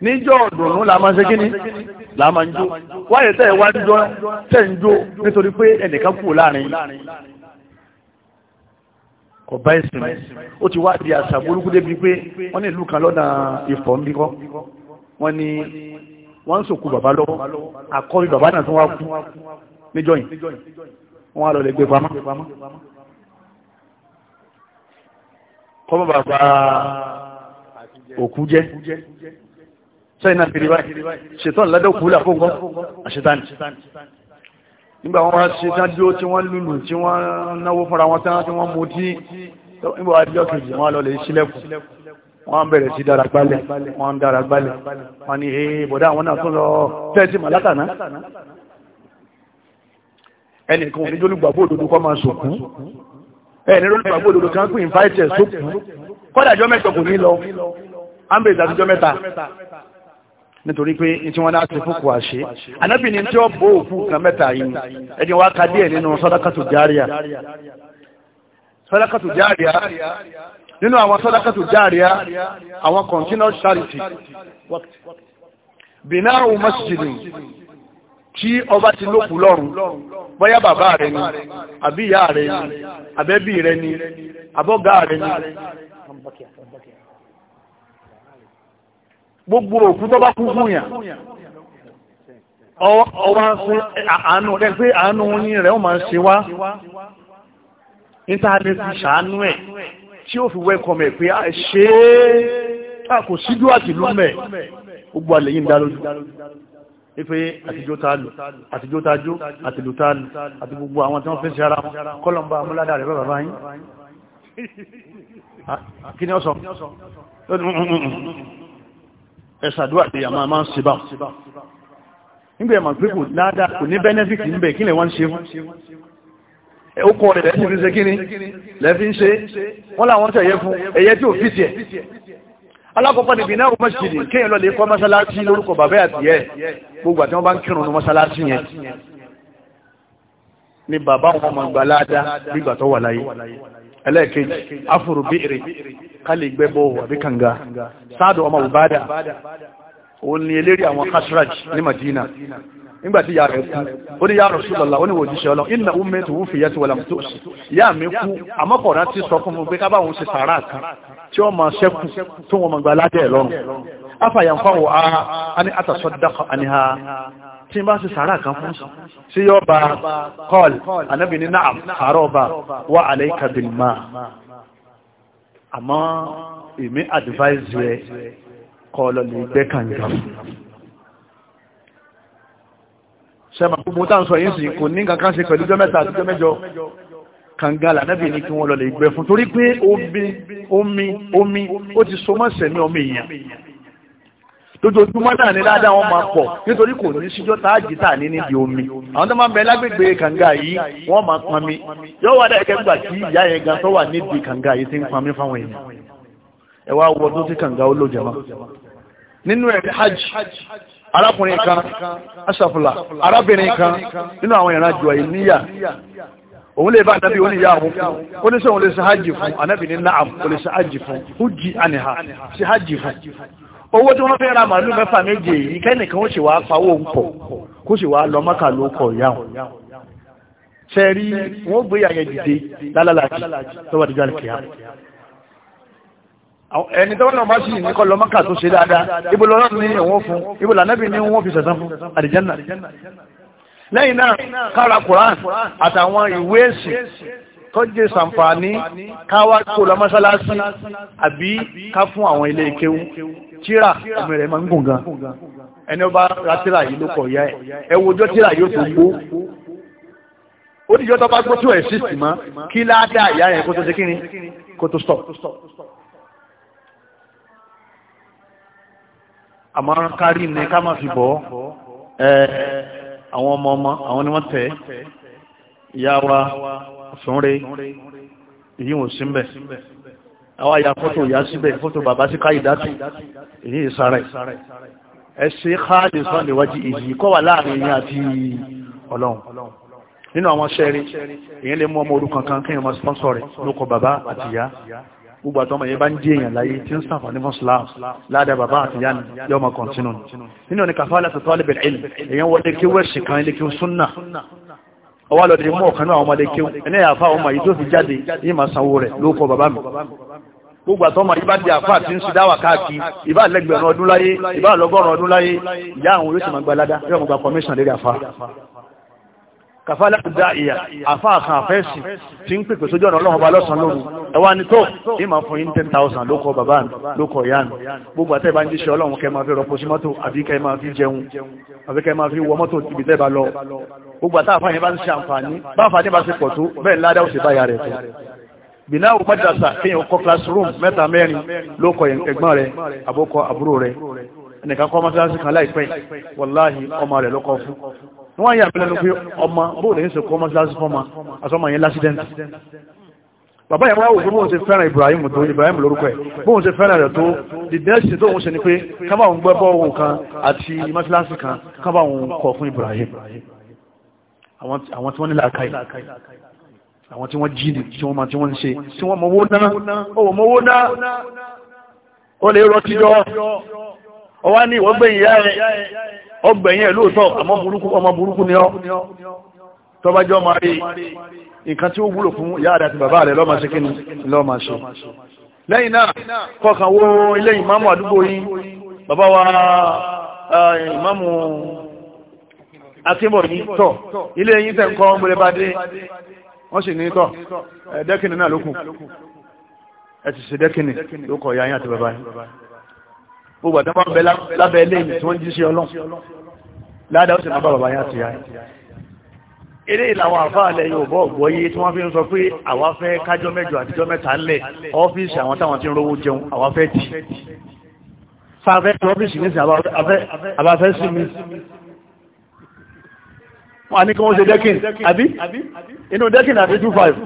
níjọ́ ọ̀dùnnú la máa ń ṣe kíní la máa ń jó wáyé tẹ́ ẹ wá ń jó tẹ́ ń jó nítorí pé ẹnìkan kù láàrin kò bá ẹ̀sìn mi ó ti wá di àṣà burúkú débi pé wọ́n ní ìlú kan lọ́nà ìfọ̀ ń bíkọ́ wọ́n ní wọ́n ń sòkú bàbá lọ́wọ́ àkọ́rí bàbá náà tó wá kú níjọ́ yìí wọ́n á lọ gbé pamọ́ kọ́mọ́ bàbá òkú jẹ́ sẹ́yìn náà fìrí báyìí ṣètọ́n ládọ́kù là fún kọ́ àṣetáni nígbà wọn wá ṣe tán dúró tí wọ́n lùlù tí wọ́n náwó fúnra wọn tán tí wọ́n mú tí nígbà wá díjọ́ kejì wọ́n lọ lè ṣílẹ̀kù wọ́n bẹ̀rẹ̀ sí dára gbálẹ̀ wọ́n dára gbálẹ̀ wọ́n ní ee bọ̀dá àwọn náà tún lọ tẹ́ẹ̀tì màlátàná ẹnìkan òní jólúgbàgbó òdodo kọ́ máa sòkún ẹni lólúgbàgbó òdodo kan pín ìfáìtẹ̀ sókún kọ́dà jọ mẹ́jọ kò ní lọ ámbèsì àtijọ́ mẹ́ta nítorí pé tí wọ́n náà ti fúnkù àṣẹ anábì ní tí ó bó òkú kan mẹ́ta yìí ẹni wá ka díẹ̀ nínú sọ́dákàtù járíà sọ́dákàtù járíà nínú àwọn sọ́dákàtù járíà àwọn continuous charity bìnáàrù masjidi tí ọba ti lókù lọ́rùn bóyá bàbá rẹ̀ ni àbí ìyá rẹ̀ ni àbẹ́bí rẹ̀ ni àbọ́gá rẹ̀ ni gbogbo òkú tó bá kú fún yàn ọwá sí àánú rẹ̀ pé àánú yín rẹ̀ ó máa ṣe wá íńtánẹ́ẹ̀tì ṣàánú ẹ̀ tí ó fi wẹ́kọ̀m ẹ̀ pé ṣe é kò síjú àti lúmẹ̀ gbogbo àlẹ̀ yìí ń dá lójú ife àtijọ́ tààlù àtijọ́ tààjú àtìlù tààlù àti gbogbo àwọn tí wọ́n fẹ́ ṣe ara wọn kọ́lọ̀mbà amúládà rẹ̀ bàbá yín ẹ̀ṣàdúrà tí a máa máa ń ṣe bá nígbà ẹ̀mà pípò ládá kò ní bẹ́nẹ́fìtì ń bẹ̀ kí lẹ̀ wọ́n ṣe fún ó kọ́ rẹ̀ lẹ́fí fi ṣe kí ni lẹ́fí ń ṣe wọ́n láwọn tẹ̀yẹ fún ẹ̀yẹ tí ò fi tiẹ̀ alákọ̀ọ́kọ́ ni bìnà ọmọ ṣìdì kéèyàn lọ lè kọ́ mọ́sálásí lórúkọ bàbá àti ẹ̀ gbogbo àti wọ́n bá ń kírun mọ́sálásí yẹn ni bàbá wọn mọ̀ gbà ládá nígbà tó wà láyé ẹlẹ́ẹ̀kejì afúrú bíìrì kálí gbẹ́bọ̀ àbí kànga sáàdù ọmọ òbádà òun ni eléri àwọn kashraj ní madina nígbàtí ya rẹ̀ kú ó ní ya Rasulullah ó ní wò jíṣẹ́ ọlọ́ inna ummatu wufiyat wa lam tu'si ya mi kú àmọ́kọ̀ọ́rá ti sọ fún mi pé kábà òun ṣe sàárà kan tí ó máa ṣẹ́kù tó wọn gba aládẹ́ lọ́rùn afàyànfà wò á ní àtàsọ́dákọ̀ àníhà tí n bá ṣe sàárà kan fún sí sí yóò bá kọ́ọ̀lù anábì ní náà àárọ̀ bá wà aláìka bil ma àmọ́ èmi advice rẹ kọ́ọ̀lù lè gbẹ́ kànga sẹ́mà gbogbo tá ń sọ yìí kò ní kankan ṣe pẹ̀lú jọ àti jọ mẹ́jọ lànàbì ní kí wọ́n lọ lè gbẹ́ fún torí pé omi omi omi ó ti so mọ́ sẹ̀mí ọmọ èèyàn lójoojúmọ́ náà ni ládàá wọn máa pọ̀ nítorí kò ní síjọ́ tá a jì tá a ní níbi omi àwọn tó máa ń bẹ lágbègbè kànga yìí wọ́n máa pọn mi yóò wá dá ẹ̀kẹ́ gbà tí ìyá yẹn gan tó wà níbi kànga yìí ti ń pọn mi fáwọn èèyàn ẹ wá wọ tó ti kànga ó lòjẹ̀ mọ́ nínú ẹ̀ hajj arákùnrin kan asàfùlà arábìnrin kan nínú àwọn ìran àjò àìníyà òun lè bá ànábì oníyà àwọn fún ó ní sọ òun lè ṣe hajj fún ànábì ní naam kò lè ṣe hajj fún ó jí àníhà ṣe hajj fún owó tí wọ́n fẹ́ ra màálù mẹ́fà méje yìí kẹ́nìkan ó sì wá pawó ń pọ̀ kó sì wá lọ mọ́kà ló kọ̀ ìyá wọn sẹ́rí wọ́n gbé àyẹ dìde lálàlájì lọ́wọ́ àdìjọ́ àlùkìyà ẹni tọ́wọ́ náà bá sì ní kọ́ lọ mọ́kà tó ṣe dáadáa ibo lọ́rọ́ ní ẹ̀wọ̀n fún ibo lànàbì tọ́jẹ́ sàǹfààní káwá kó lọ mọ́sálásí àbí ká fún àwọn ilé ìkéwú tíra ẹ̀mẹ̀ rẹ̀ máa ń gùn gan ẹni ọba ra tíra yìí ló kọ̀ ya ẹ̀ ẹ wo ọjọ́ tíra yóò tó gbó ó dìjọ́ tó bá gbó tí ẹ̀ sí sì mọ́ kí ládà ìyá yẹn kó tó ṣe kó tó stop àmọ́ kárí ni ká máa fi bọ́ àwọn ọmọ ọmọ àwọn ni wọ́n tẹ̀ ìyá súnre èyí ò sí mbẹ̀ àwọn àyà fọ́tò ìyá síbẹ̀ fọ́tò bàbá sí káyì dátì èyí ìsàrẹ̀ ẹ ṣe káàdì sọ́ọ̀lì wájú èyí kọ́ wà láàrin yín àti ọlọ́run nínú àwọn ṣẹ́rí èyí lè mú ọmọ orú kankan kí èèyàn máa sponsor rẹ̀ lókọ bàbá àti ìyá gbogbo àtọ́mọ̀ yẹn bá ń jí èèyàn láyé tí ń sàfà ní fún Islam bàbá àti ìyá yóò máa kọ̀ntínú nínú ní kàfàlà tó tọ́lẹ̀ bẹ̀rẹ̀ èèyàn wọlé kí wẹ́ẹ̀ṣì kan ilé kí ó súnnà ọwá lọ́dẹ̀ mú ọ̀kan náà ọmọdé kí ẹni àfá ọmọ yìí tó fi jáde yìí máa sanwó rẹ̀ ló kọ bàbá mi gbogbo àtọ́mọ ìbá di àfá àti ń sì dáwà káàkiri ìbá lẹ́gbẹ̀rún ọdún láyé ìbá lọ́gọ́rùn ọdún láyé ìyá àwọn yóò máa gba yóò máa gba commission lérí àfá kàfá láti dá ìyà àfá àkàn àfẹ́sì tí ń pèpè sójú ọ̀nà ọlọ́run ọba lọ́sàn lóru ẹwà ní tó ìmọ̀ fún yín 10,000 lókọ bàbá mi lókọ ìyá mi gbogbo àtẹ́ ìbá ń jíṣẹ́ ọlọ́run kẹ máa fi rọpò sí mọ́tò àbí kẹ máa fi jẹun àbí kẹ máa fi wọ mọ́tò ibi tẹ́ bá lọ gbogbo àtàfà yẹn bá ń ṣe àǹfààní bá àǹfààní bá ṣe pọ̀ tó bẹ́ẹ̀ ládá ó sì bá ya rẹ̀ tó bìnà àwọn madrasa kéèyàn kọ́ classroom mẹ́ta mẹ́rin ló kọ ẹ̀gbọ́n rẹ̀ àbókọ àbúrò rẹ̀ ẹnìkan kọ́ mọ́sálásí kan láìpẹ́ wàláhì ọmọ rẹ̀ ló kọ́ fún wọ́n yà mí lẹ́nu pé ọmọ bóòlù yìí ń ṣe kọ́ mọ́sálásí fọ́mọ àtọ́mọ yẹn lásídẹ́ǹtì bàbá yẹn wá òfin bóun ṣe fẹ́ràn Ibrahim tó Ibrahim lórúkọ ẹ̀ bóun ṣe fẹ́ràn rẹ̀ tó dìdẹ́sì tóun ṣe ni pé kábàáwọn gbẹ́bọ́ ohun kan àti mọ́sálásí kan kábàáwọn kọ̀ fún Ibrahim àwọn tí wọ́n ní làákàyè àwọn tí wọ́n jí ní tí wọ́n máa tí wọ́n ń ṣe tí wọ́n mọ̀wó náà owó mọ̀wó náà ó lè rọ tíjọ́ ọwá ní ìwọ́gbẹ̀yìn yá ẹ ọgbẹ̀yìn ẹ̀ lóòótọ́ àmọ́ burúkú ọmọ burúkú ni ọ́ tọ́bájọ́ máa rí nǹkan tí ó wúlò fún yá rẹ̀ àti bàbá rẹ̀ lọ́mà ṣe kíni lọ́mà ṣe lẹ́yìn náà kọkàn wo ilé ìmáàmù àdúgbò yín bàbá wa ìmáàmù akíbọ̀ ní tọ̀ ilé yín tẹ̀ ń kọ́ mọ́lẹ̀ bá dé wọ́n sì ní tọ̀ ẹ̀ẹ́dẹ́kìnì náà lókùn ẹ ti ṣe dẹ́kìnì ló kọ̀ yáyán àti bàbá yín gbogbo àtàwọn ọmọ lábẹ́ ilé yìí tí wọ́n jí sí ọlọ́n ládàá ó sì máa bá bàbá yín àti yáyán eré ìlàwọn àfáàlẹ̀ Yorùbá ọ̀gbọ́yé tí wọn àní kí wọ́n ṣe dẹ́kìn àbí inú dẹ́kìn àti two five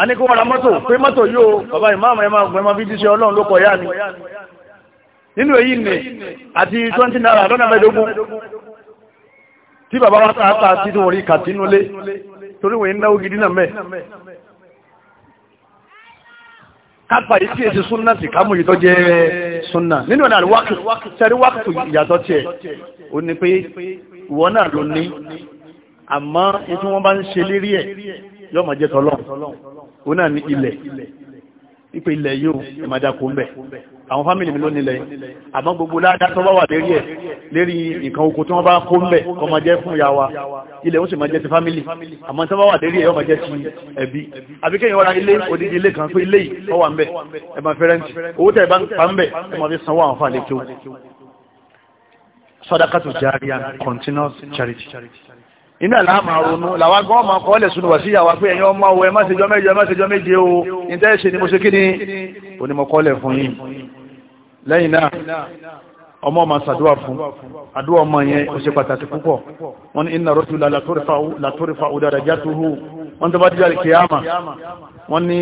àní kí wọ́n ra mọ́tò pé mọ́tò yóò bàbá ìmáàmù ẹ̀ máa gbẹ̀mọ́ bí jíṣẹ́ ọlọ́run ló kọ̀ yá ni nínú èyí nì àti twenty naira lọ́nà mẹ́ẹ̀ẹ́dógún tí bàbá wa ta ta títún orí kàtínúlé torí wọ́n ń náwó gidi náà mẹ́ẹ̀ kápá yìí tí èsì súnà sì ká mú yìí tó jẹ́ súnà nínú ọ̀nà àríwákì sẹ́rí wákìtù ìyàtọ̀ tiẹ̀ ó ní pé ìwọ náà ló ní àmọ́ tí wọ́n bá ń ṣe lérí ẹ̀ yọ́ jẹ́ tọ́lọ́ òun náà ní ilẹ̀ ìpè ilẹ̀ yóò ẹ̀ bẹ̀ àwọn fámìlì mi ló nílẹ̀ àmọ́ gbogbo ládá tó bá wà lérí ẹ̀ lérí nǹkan oko tí wọ́n bá kó ń bẹ̀ kó máa jẹ́ fún ìyá wa ilẹ̀ ó sì máa jẹ́ ti fámìlì àmọ́ tó bá wà lérí ẹ̀ ó máa jẹ́ ti ẹbí àbí kéèyàn ra ilé odidi ilé kan pé ilé yìí ó wà ń bẹ̀ ẹ máa fẹ́ rẹ́ǹtì owó tẹ̀ bá ń pa ń bẹ̀ ẹ máa fi sanwó àwọn fàlẹ́ tó sadaqatu jariya continuous charity iná làá máa ronú làwa gan máa kọ́ lẹ̀ sunu wàsíyà wa pé ẹ̀yin ọmọ ọwọ́ ẹ má ṣe jọ méje ẹ má ṣe jọ méje o ní tẹ́ ṣe ni mo ṣe kí ni onímọ̀kọ́lẹ̀ fún yín lẹ́yìn náà ọmọ ọmọ sàdúwà fún àdúwà ọmọ yẹn ó ṣe pàtàkì púpọ̀ wọ́n ní inna rajula laturfa'u darajatuhu wọ́n tó bá dídá kìyàmà wọ́n ní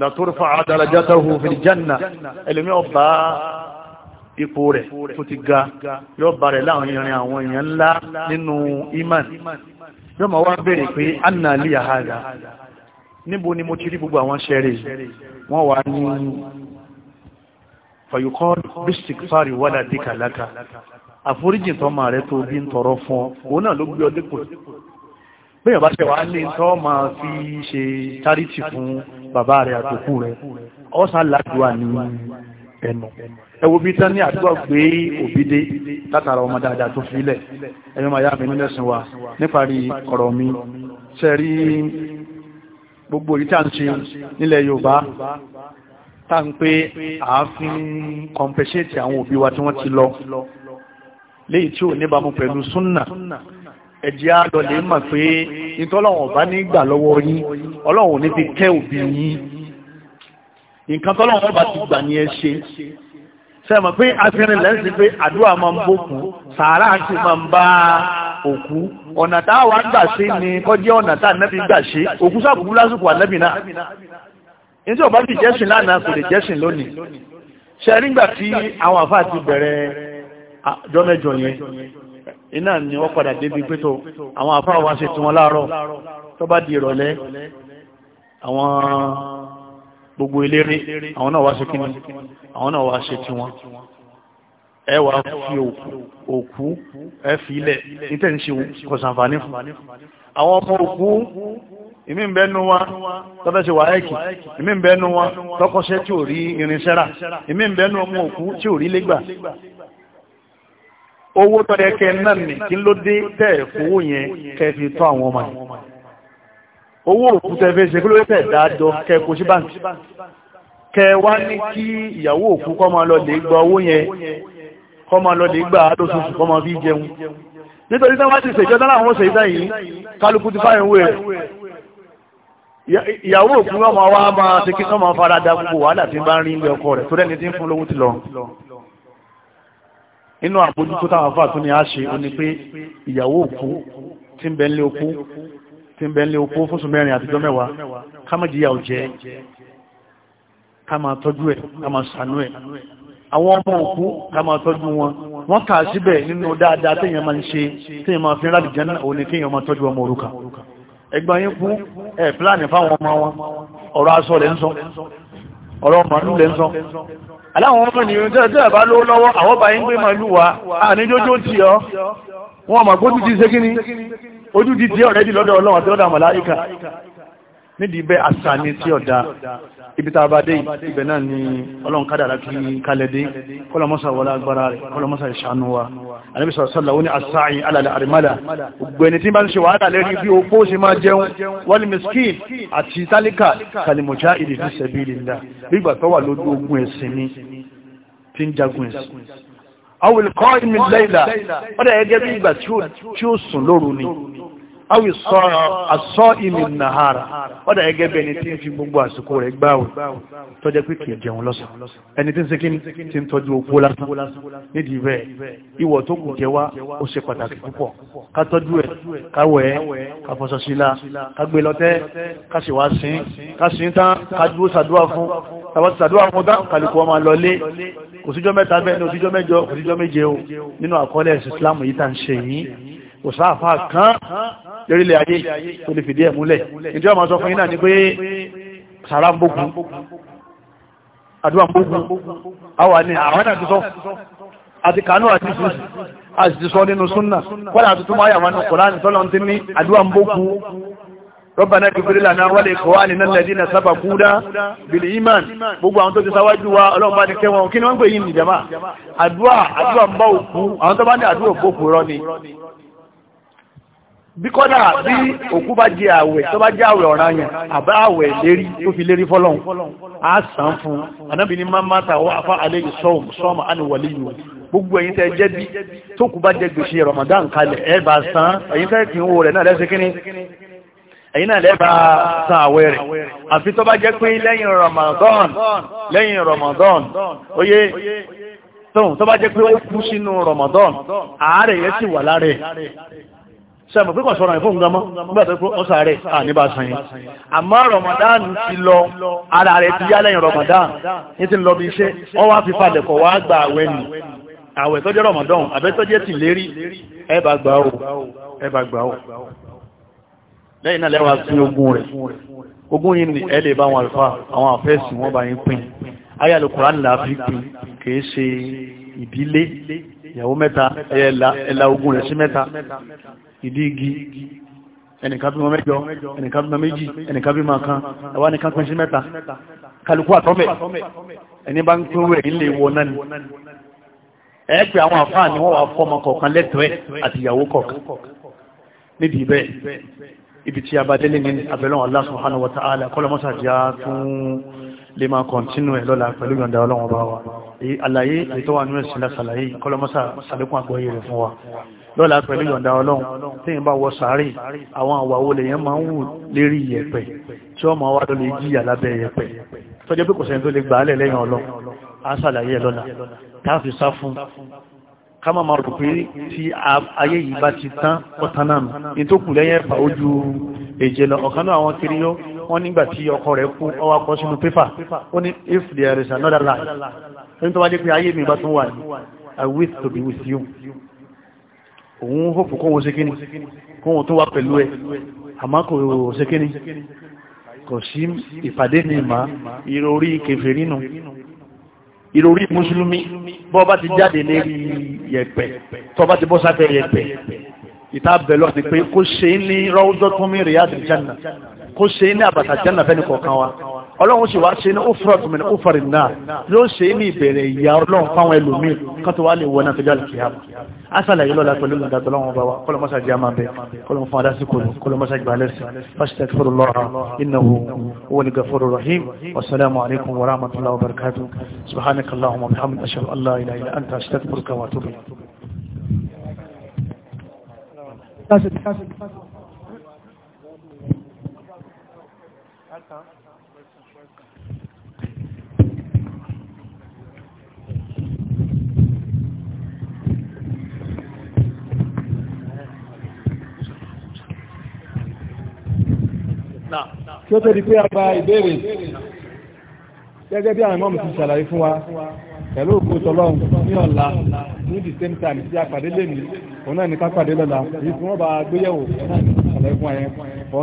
laturfa'u darajatuhu fil janna ẹlẹ́mí ọba ipò rẹ̀ tó ti ga yóò bá rẹ̀ láwọn ìrìn àwọn ni mo ti rí gbogbo àwọn fàyíkọ́ bísíkfàrí wàlá díkà láka àforíjì tọ́mà rẹ̀ tó bí ń tọrọ fún òun náà ló gbé ọ dépò bẹ́ẹ̀ bá tẹ̀wá ní tọ́ máa fi ṣe charity fún bàbá rẹ̀ àtòkù rẹ̀ ọ́sà ládùúà ní ẹnu ẹwọ bí tán ní àdúgbò gbé òbídé látara ọmọ dáadáa tó filẹ̀ ẹ̀yọ́ máa yá mi nílẹ̀ sìn wa níparí ọ̀rọ̀ mi ṣe rí gbogbo èyí nílẹ̀ Yorùbá tá ń pé àáfin compensate àwọn òbí wa tí wọ́n ti lọ léyìí tí ò níbàámu pẹ̀lú súnà ẹ̀jẹ̀ á lọ lè mà pé ìtọ́lọ́wọ̀n bá ní gbà lọ́wọ́ yín ọlọ́run ní fi kẹ́ òbí yín nǹkan tọ́lọ́wọ̀n bá ti gbà ní ẹ ṣe sẹ́mọ̀ pé afirin lẹ́sìn pé àdúrà máa ń bókun sàárà sì máa ń bá òkú ọ̀nà táwa gbà sí ni kọjá ọ̀nà tá ànábì gbà ṣe òkú sàbùkú lásìkò ànábì náà ní tí ò bá sì jẹ́sìn lánàá kò lè jẹ́sìn lónìí ṣe nígbà tí àwọn àfáà ti bẹ̀rẹ̀ jọ́mẹ́jọ yẹn iná ni wọ́n padà débi pé tó àwọn àfáà wá ṣe tí wọ́n láàárọ̀ tó bá di ìrọ̀lẹ́ àwọn gbogbo eléré àwọn náà wá ṣe kí ni àwọn náà wá ṣe tí wọ́n ẹ wá fi òkú ẹ fi ilẹ̀ nítẹ̀ ń ṣe kọ̀sànfàní fún àwọn ọmọ òkú ìmí ìbẹ́nu wa ṣe wà ẹ́kì ìmí ìbẹ́nu wa tọ́kọṣẹ́ tí ò rí irinṣẹ́ rà ìmí ìbẹ́nu ọmọ òkú tí ò rí lẹ́gbà owó tọ́lẹ̀ náà nì kí ló dé yẹn kẹ tọ́ àwọn ọmọ yìí owó òkú ṣe kí ló sí báńkì wá ní kí nítorí táwọn ti ṣèjọ́ tán láwọn ṣe ìdáyìí kálukú ti fáyẹ̀ wé ìyàwó òkú ọmọ wa máa ṣe kí sọ́mọ fara da gbogbo wàhálà tí bá ń rí ilé ọkọ rẹ̀ tó rẹ́ni tí ń fún lówó ti lọ inú àbójútó táwọn afá tún ni a ṣe o ni pé ìyàwó òkú tí ń bẹ nílé òkú tí ń bẹ nílé òkú fóṣù mẹ́rin àtijọ́ mẹ́wàá ká má jìyà òjẹ́ ká máa tọ́jú ẹ̀ ká máa ṣàánú ẹ̀ àwọn ọmọ òkú ká máa tọ́jú wọn wọ́n kà síbẹ̀ nínú dáadáa téèyàn máa ń ṣe téèyàn máa fi ráàdì jẹ́nà òun ni kéèyàn máa tọ́jú ọmọ òrukàn ẹgbẹ́ yín fún ẹ̀ pílánì fáwọn ọmọ wọn ọ̀rọ̀ aṣọ lẹ́ ń sọ ọ̀rọ̀ màálù lẹ́ ń sọ aláwọn ọmọ ènìyàn tẹ́lẹ̀ tẹ́lẹ̀ bá lówó lọ́wọ́ àwọn bá yín gbé màálù wa àníjójó tì ọ́ wọn mọ̀ pé nídìí bẹ́ àṣà ní tí ọ̀dá ibi tá a bá dé ibẹ̀ náà ni ọlọ́run kádàrá kí kalẹ̀dé kọlọmọ́sà wọlá agbára rẹ̀ kọlọmọ́sà ìṣànú wa anábìsà sọ́lá ó ní àṣàyìn alàlẹ̀ àrímàlà ògbẹ̀ni tí bá ń ṣe wàhálà lẹ́rí bí opó ṣe máa jẹun wọ́lì miskin àti tálíkà kalimọ̀já ìdí ní sabilillah bí awi sọ asọ ìmì nàhárà ọ̀dà ẹgẹ́ bẹni tí ń fi gbogbo àsìkò rẹ̀ gbáwẹ̀ tọ́jẹ́ pé kìí jẹun lọ́sàn ẹni tí ń ṣe kíní tí ń tọ́jú opó lásán nídìí rẹ̀ ìwọ̀ tó kù jẹ́wá ó ṣe pàtàkì púpọ̀ ká tọ́jú ẹ̀ káwẹ̀ ẹ̀ káfọṣọṣílá kágbé lọ́tẹ́ káṣíwá sín káṣín tán kájú sàdúrà fún tàbátí sàdúrà fún tán kàlùkù ọmọ lọlé kò síjọ́ mẹ́ta bẹ́ẹ̀ ní òsíjọ́ mẹ́jọ òsíjọ́ méje o nínú àkọọ́lẹ̀ ìsìlámù yìí tà ń ṣe yìí kò sáfà kan lórílẹ̀ ayé tó lè fìdí ẹ̀ múlẹ̀ ìdí ọmọ sọ fún yín náà ni pé sàrà ń bókun àdúrà ń bókun àwọn ni àwọn náà ti sọ àti kànú àti ìsúsì àti sọ nínú súnnà kọ́lá àtútù máa yàwọn Kùránì tọ́lọ rọ́bàná kìfìrílà náà wà lè kọ́wà lẹ́dí na sábà kúdá bìlì iman gbogbo àwọn tó ti sáwájú wa ọlọ́run bá ní kẹwọn kí ni wọ́n pè yí nìjàmá àdúwà àdúwà ń bá òkú àwọn tó bá ní àdúwà òkú rọ́ ni bí kọ́dà bí òkú bá jẹ àwẹ̀ tó bá jẹ àwẹ̀ ọ̀ràn yẹn àbá àwẹ̀ lérí tó fi lérí fọ́lọ́hun á sàn fún anábì ní máa ta wá afá alẹ́ ìsọ́ọ̀mù sọ́ọ̀mù ánìwọlé yìí gbogbo ẹ̀yin tẹ́ jẹ́ bí tó kú bá jẹ gbèsè Ramadan kalẹ̀ ẹ bá san ẹ̀yin tẹ́ kí n wo rẹ̀ náà lẹ́sẹ̀ kínní ẹ̀yin náà lẹ́bà san àwẹ̀ rẹ̀ àfi tó bá jẹ́ pé lẹ́yìn Ramadan lẹ́yìn Ramadan oyé tóun tó bá jẹ́ pé ó kú sínú Ramadan àárẹ̀ yẹn sì wà lára ẹ̀ sẹ́mù pé kọ̀sọ̀rọ̀ àìfún ǹgan mọ́ gbẹ́gbẹ́ pé ọ́sà rẹ̀ à ní bá àmọ́ Ramadan ti lọ ara rẹ̀ ti yá lẹ́yìn Ramadan ní ti lọ bí iṣẹ́ ọ wá fi falẹ̀ kọ̀ wá gba àwẹ̀ nì àwẹ̀ Ramadan àbẹ́ tó jẹ́ tìlérí ẹ bá gbà ó ẹ bá gbà ó lẹ́yìn náà lẹ́wà sí ogún rẹ̀ ogún yìí ni ìyàwó mẹ́ta ẹ̀la ogun rẹ̀ sí mẹ́ta ìdí igi ẹnìkan bímọ mẹ́jọ ẹnìkan bímọ méjì ẹnìkan bímọ kan ẹwà nìkan pín sí mẹ́ta kálukú àtọ́mẹ̀ ẹni bá ń pín rẹ̀ nílé wọ náà ni ẹ àwọn àfáà ni wọ́n wà fọ́mọ kọ̀ọ̀kan lẹ́tọ̀ọ́ àti ìyàwó kọ̀ọ̀kan Allah subhanahu wa ta'ala kọ́lọ́mọ́sàdìyà tún lè máa kọ̀ntínú ẹ̀ lọ́la pẹ̀lú yọ̀ǹda ọlọ́run bá wa àlàyé ètò wà nínú ìsinlẹ̀ sàlàyé kọlọmọ́sà sàlékún àgbọ́yé rẹ̀ fún wa lọ́la pẹ̀lú yọ̀ǹda ọlọ́run tí ń bá wọ sàárè àwọn àwàwò lèyàn máa ń wù lérí yẹ̀pẹ̀ tí wọ́n máa wá lọ́lẹ̀ jíyà lábẹ́ yẹ̀pẹ̀ tọ́jọ́ pé kò sẹ́ni tó lè gbà á lẹ́yìn ọlọ́run á sàlàyé ẹ̀ lọ́la táàfi sá fún ká máa máa rò pé tí ayé yìí bá ti tán ọ̀tán náà ní tó kù lẹ́yìn ẹ̀fà ojú èjè lọ ọ̀kan náà àwọn kiri yó wọ́n nígbà tí ọkọ rẹ̀ kú ọwọ́ akọ sínú pépà ó ní if there is another life ẹni tó wá dé pé ayé mi bá tún wà ní i wish to be with you òun hópù kóhun ṣe kíni kóhun tó wá pẹ̀lú ẹ àmọ́ kò ṣe kíni kò sí ìpàdé ní ìmá ìrorí kèfèrínù ìrorí mùsùlùmí bọ́ bá ti jáde lérí yẹ̀pẹ̀ tọba ti bọ́ sábẹ́ yẹ̀pẹ̀ ìta bẹ̀ lọ ni pé kó ṣe é ní rọ́ọ́dọ́túnmí rìádìí jẹ́nà kó ṣe é ní wa ọlọ́run sì wá ṣe ní ófúrọ̀tù mi ní ófúrọ̀tù náà ló ń ṣe ní ìbẹ̀rẹ̀ ìyá ọlọ́run fáwọn ẹlòmíì kan tó wá lè wọ náà fẹjọ́ àlùkì yàmù asàlẹ̀ yìí lọ́la pẹ̀lú ìdàtọ̀ lọ́wọ́n bá wa kọ́lọ̀ mọ́sá jẹ́ àmà bẹ́ẹ̀ kọ́lọ̀ fún adásí kò kọ́lọ̀ mọ́sá gbà lẹ́sẹ̀ fásitẹ̀ fúru lọ́ha innahu huwa ni gafuru rahim wasalaamu alaykum wa rahmatullahi wa barakatuh subhanaka allahumma bihamd ashhadu an la ilaha illa anta astaghfiruka wa atubu ilayk kí ó tó di pé a gba ìbéèrè gẹ́gẹ́ bí àwọn ìmọ̀mù ti ṣàlàyé fún wa pẹ̀lú òkú tọlọ́run ní ọ̀la ní the same time tí a pàdé lèmi òun náà ní ká pàdé lọ́la èyí tí wọ́n gbéyẹ̀wò ṣàlàyé fún ayẹn a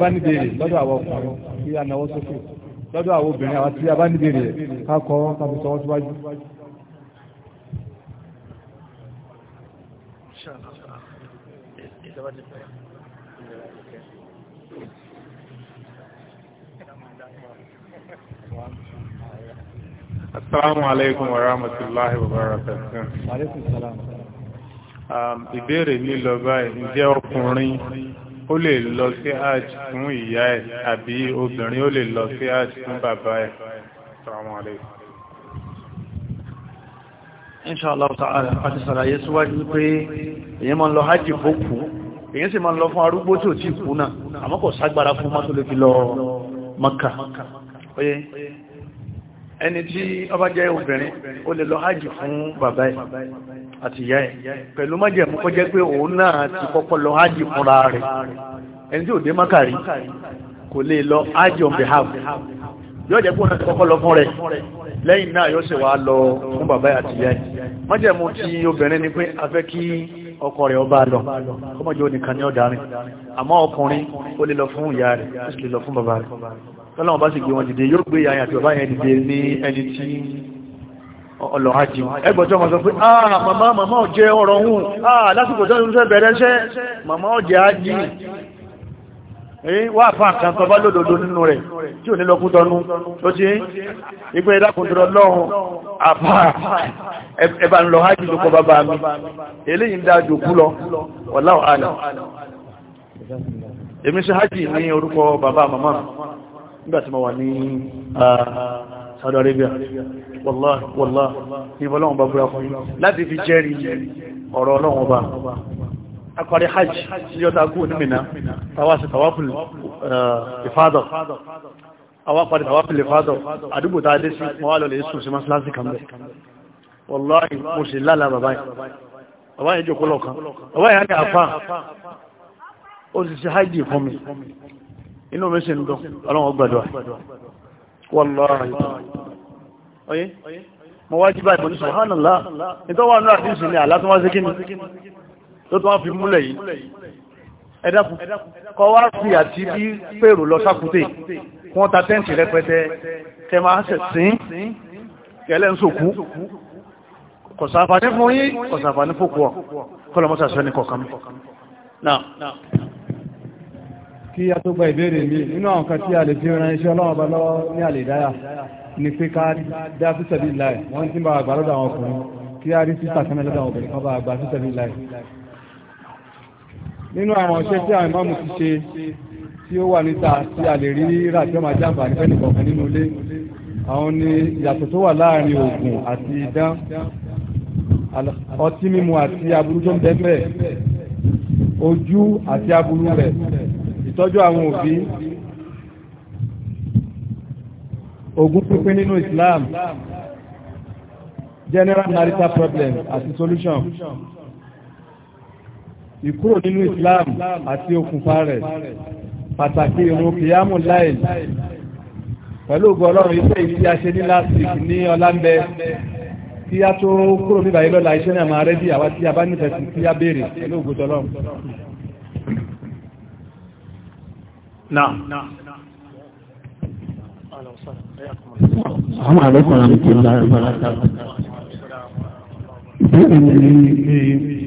bá níbi èrè lọ́dọ̀ àwọn ọkùnrin kí a náwó sókè lọ́dọ̀ àwọn obìnrin tí a bá níbi èrè ká kọ́ bá Asalaamu alaikum wa rahmatulahi wa barakatuh. Wa alaikum salaam. Um, ìbéèrè mi lọ báyìí, ǹjẹ́ ọkùnrin ó lè lọ sí hajj fún ìyá ẹ̀ àbí obìnrin ó lè lọ sí hajj fún bàbá ẹ̀? Asalaamu alaikum. Inshallah ta'ala, sàlàyé síwájú pé èyí máa lọ hajj fókùn èyàn sì máa ń lọ fún arúgbó tí ò tí kú náà àmọ́ kò ságbára fún mọ́tò lè fi lọ maka oye ẹni tí ọba jẹ́ obìnrin ó lè lọ hajj fún bàbá ẹ̀ àti ìyá ẹ̀ pẹ̀lú májẹ̀mú kó jẹ́ pé òun náà ti kọ́kọ́ lọ hajj fúnra rẹ̀ ẹni tí ò dé maka rí kò lè lọ hajj on behalf yóò jẹ́ pé òun náà ti kọ́kọ́ lọ fún rẹ̀ lẹ́yìn náà yóò sì wá lọ fún bàbá ẹ̀ àti ìyá ẹ̀ májẹ̀mú tí obìnrin ni pé a kí ọkọ rẹ̀ ọba lọ ọmọjọ́ nìkan ní ọ̀darin àmọ́ ọkùnrin ó lè lọ fún ìyá rẹ̀ ó sì lè lọ fún bàbá rẹ̀ tọ́lọ́wọ́n bá sì gbé wọn dìde yóò gbé ìyá àti bàbá yẹn dìde ní ẹni tí ọlọ́hájì ẹgbọ́jọ́ ma sọ pé ah màmá màmá ọ̀jẹ́ ọ̀rọ̀ hùn ah lásìkò tó ń fẹ́ bẹ̀rẹ̀ iṣẹ́ màmá ọ̀jẹ́ ájì Eh, wá fún àkàn tó bá lòdòdó nínú rẹ̀ tí ò ní lọ kútọnú tó tí ipé ìdákùntọ̀rọ̀ lọ́run àpá ẹbà ń lọ hajji tó kọ bàbá mi eléyìí ń dá jòkú lọ wallahu alam èmi ṣe hajji ní orúkọ bàbá màmá nígbà tí mo wà ní Saudi Arabia wallahi akọ̀rẹ́ hajj ní ọdá kú ní mìíràn tàwà sí tàwáfìlì ìfádọ̀ awápàdé tàwáfìlì ìfádọ̀ àdúgbò tàà dé sí mọ́wá lọ lè sùn sí mọ́sílásì kan bẹ̀ wọ́láì mo sì lálàá bàbá yìí bàbá yìí jòkó lọ́kan bàbá yìí ní àfá ó sì sí hajj fún mi inú mi sì ń dùn ọlọ́wọ́ gbàdọ̀ wọ́láì ọyẹ́ mo wájú báyìí mo ni àlá tó wá sí tó tó wọ́n fi múlẹ̀ yìí ẹ̀dàkùn kọ wá sí àti bí pèrò lọ sákúté wọ́n ta tẹ́ǹtì rẹpẹtẹ kẹ máa sẹ̀sìn kẹlẹ́ ń sòkú kọ̀sàfàní fún yí kọ̀sàfàní fòkú ọ kọlọmọ́sà sọ́ni kọ̀kan mọ́ kí a tó gba ìbéèrè mi nínú àwọn kan tí a lè fi ran iṣẹ́ ọlọ́run ọba lọ́wọ́ ní àlèdáyà ni pé ká dá sísẹ̀bí láì wọ́n ti ń bá àgbà lọ́dọ̀ àwọn ọkùnrin kí a rí sísà kan lọ́dọ̀ àwọn obìnrin kan bá àgbà sísẹ̀bí láì nínú àwọn iṣẹ́ tí àwọn ìmáàmù ti ṣe tí ó wà níta tí a lè rí rà tí ó máa jàǹbá ní fẹ́ẹ̀nì kọ̀ọ̀kan nínú ilé àwọn ni ìyàtọ̀ tó wà láàrin oògùn àti idán ọtí mímu àti aburú tó ń bẹ́ẹ̀ ojú àti aburú rẹ̀ ìtọ́jú àwọn òbí oògùn pínpín nínú Islam general marital problem àti solution. solution ìkúrò nínú Islam àti okùnfà rẹ̀ pàtàkì ìrun kìyàmù láìl pẹ̀lú ògbọ́ ọlọ́run iṣẹ́ yìí tí a ṣe ní last week ní ọlámbẹ kí a tó kúrò nígbà yìí lọ́la iṣẹ́ náà máa rẹ́dí àwa tí a bá nífẹ̀ẹ́ sí kí a béèrè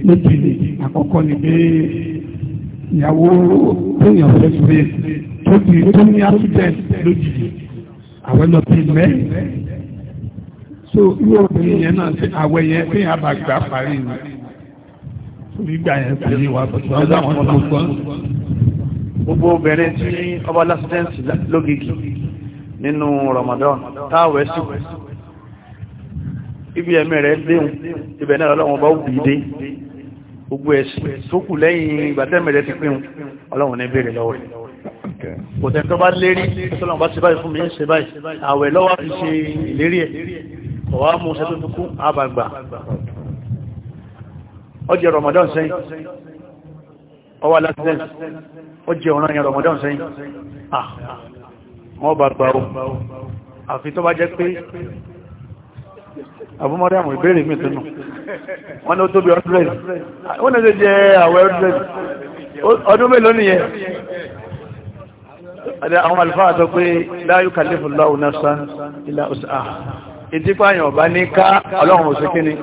nípìnlẹ̀ àkọ́kọ́ ni pé ìyàwó tóyàn fẹ́ fẹ́ tó di tó ní accident lójijì àwẹ̀ lọ bí mẹ́rin so irú obìnrin yẹn náà ṣe àwẹ̀ yẹn fi hàn bá gbà parí ni nígbà yẹn kò ní wà pẹ̀lú ọjọ́ àwọn ọmọ kan. gbogbo obìnrin tí ọba lásìdẹ́ǹtì lógìkì nínú Ramadan táwẹ̀ sí ibi ẹ̀mí rẹ̀ déhùn ibẹ̀ náà lọ́wọ́ bá wù í dé gbogbo ẹ̀sìn tó kù lẹ́yìn ìgbàtẹ́mẹ̀rẹ́ ti pín ọlọ́run ní bèèrè lọ́wọ́ rẹ̀ kò tẹ́ tó bá lérí tọ́lọ́run bá ṣe báyìí fún mi ń ṣe báyìí àwẹ̀ lọ́wọ́ fi ṣe ìlérí ẹ̀ ọ̀wá mú ṣe tó kú àbàgbà ọjẹ́ Ramadan sẹ́yìn ọwọ́ aláṣẹ́yìn ọjẹ́ ọ̀ràn yẹn Ramadan sẹ́yìn ah wọ́n bá gbà ó àfi tó bá jẹ́ pé àbúmọ́dé àwọn ìbéèrè mi tó nù wọ́n ní ó tóbi ọdúnrẹ́dì wọ́n ní ó jẹ́ àwẹ̀ ọdúnrẹ́dì ọdún mélòó nìyẹn àwọn àlùfáà sọ pé la yukallifu Allahu nafsan illa wus'aha ìtípáyàn ọ̀bá ní ká ọlọ́run òṣèkíní